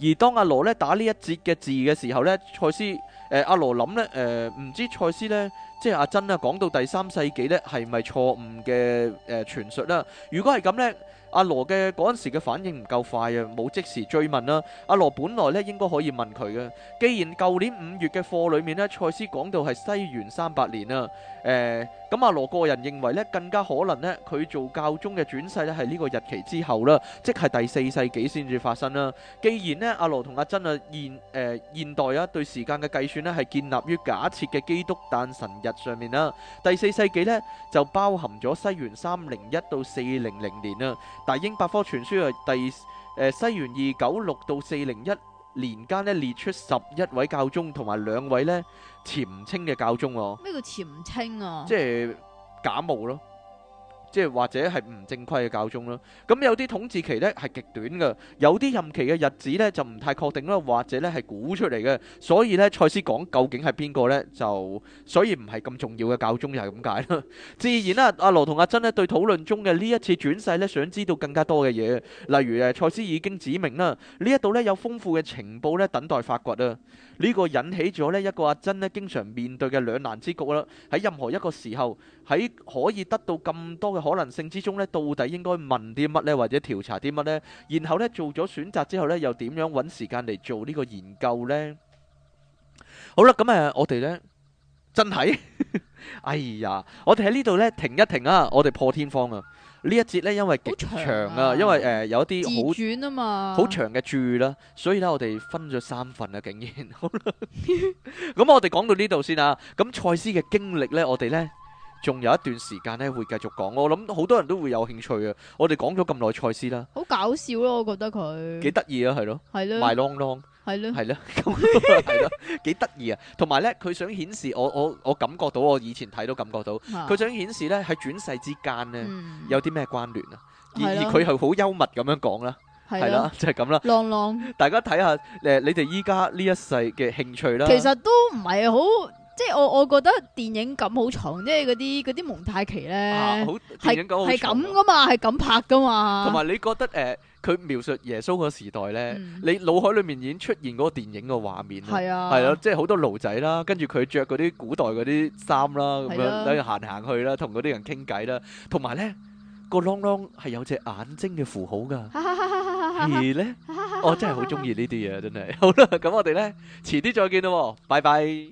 而當阿羅咧打呢一節嘅字嘅時候呢，賽斯誒阿羅諗呢，誒、呃、唔、啊呃，知賽斯呢，即係阿珍啊講到第三世紀呢，係咪錯誤嘅誒傳述啦？如果係咁呢。阿、啊、羅嘅嗰陣時嘅反應唔夠快啊，冇即時追問啦、啊。阿、啊、羅本來咧應該可以問佢嘅，既然舊年五月嘅課裡面咧，賽斯講到係西元三百年啊。誒咁阿羅個人認為呢，更加可能呢，佢做教宗嘅轉世呢，係呢個日期之後啦，即係第四世紀先至發生啦。既然呢，阿、啊、羅同阿珍啊，啊現誒、呃、現代啊對時間嘅計算呢，係建立於假設嘅基督誕神日上面啦。第四世紀呢，就包含咗西元三零一到四零零年啦。大英百科全書係，第、呃、誒西元二九六到四零一年間咧列出十一位教宗同埋兩位咧僭稱嘅教宗喎。咩叫僭稱啊？即係假冒咯。即係或者係唔正規嘅教宗咯，咁有啲統治期呢係極短嘅，有啲任期嘅日子呢就唔太確定啦，或者呢係估出嚟嘅，所以呢，賽斯講究竟係邊個呢？就，所以唔係咁重要嘅教宗又係咁解咯。 自然啦、啊，阿羅同阿珍呢對討論中嘅呢一次轉世呢，想知道更加多嘅嘢，例如誒賽斯已經指明啦，呢一度呢有豐富嘅情報呢等待發掘啊。呢個引起咗呢一個阿珍呢經常面對嘅兩難之局啦。喺任何一個時候，喺可以得到咁多嘅可能性之中呢，到底應該問啲乜呢？或者調查啲乜呢？然後呢，做咗選擇之後呢，又點樣揾時間嚟做呢個研究呢？好啦，咁誒，我哋呢，真係， 哎呀，我哋喺呢度呢，停一停啊！我哋破天荒啊！呢一節咧，因為極長啊，因為誒有一啲好長嘅注啦，所以咧我哋分咗三份啊，竟然。咁我哋講到呢度先啊，咁賽斯嘅經歷咧，我哋咧仲有一段時間咧會繼續講，我諗好多人都會有興趣啊。我哋講咗咁耐賽斯啦，好搞笑咯，我覺得佢幾得意啊，係咯，賣 long long。係咯，係咯，係咯，幾得意啊！同埋咧，佢想顯示我我我感覺到我以前睇都感覺到，佢想顯示咧喺轉世之間咧有啲咩關聯啊！而而佢係好幽默咁樣講啦，係啦，就係咁啦。浪浪，大家睇下誒，你哋依家呢一世嘅興趣啦。其實都唔係好，即係我我覺得電影感好長，即係嗰啲嗰啲蒙太奇咧，係係咁噶嘛，係咁拍噶嘛。同埋你覺得誒？佢描述耶穌個時代咧，嗯、你腦海裏面已經出現嗰個電影嘅畫面啦，係啊，係啊，即係好多奴仔啦，跟住佢着嗰啲古代嗰啲衫啦，咁樣喺度、啊、行行去啦，同嗰啲人傾偈啦，同埋咧個窿窿係有隻眼睛嘅符號噶，而咧我真係好中意呢啲嘢，真係。好啦，咁我哋咧遲啲再見咯，拜拜。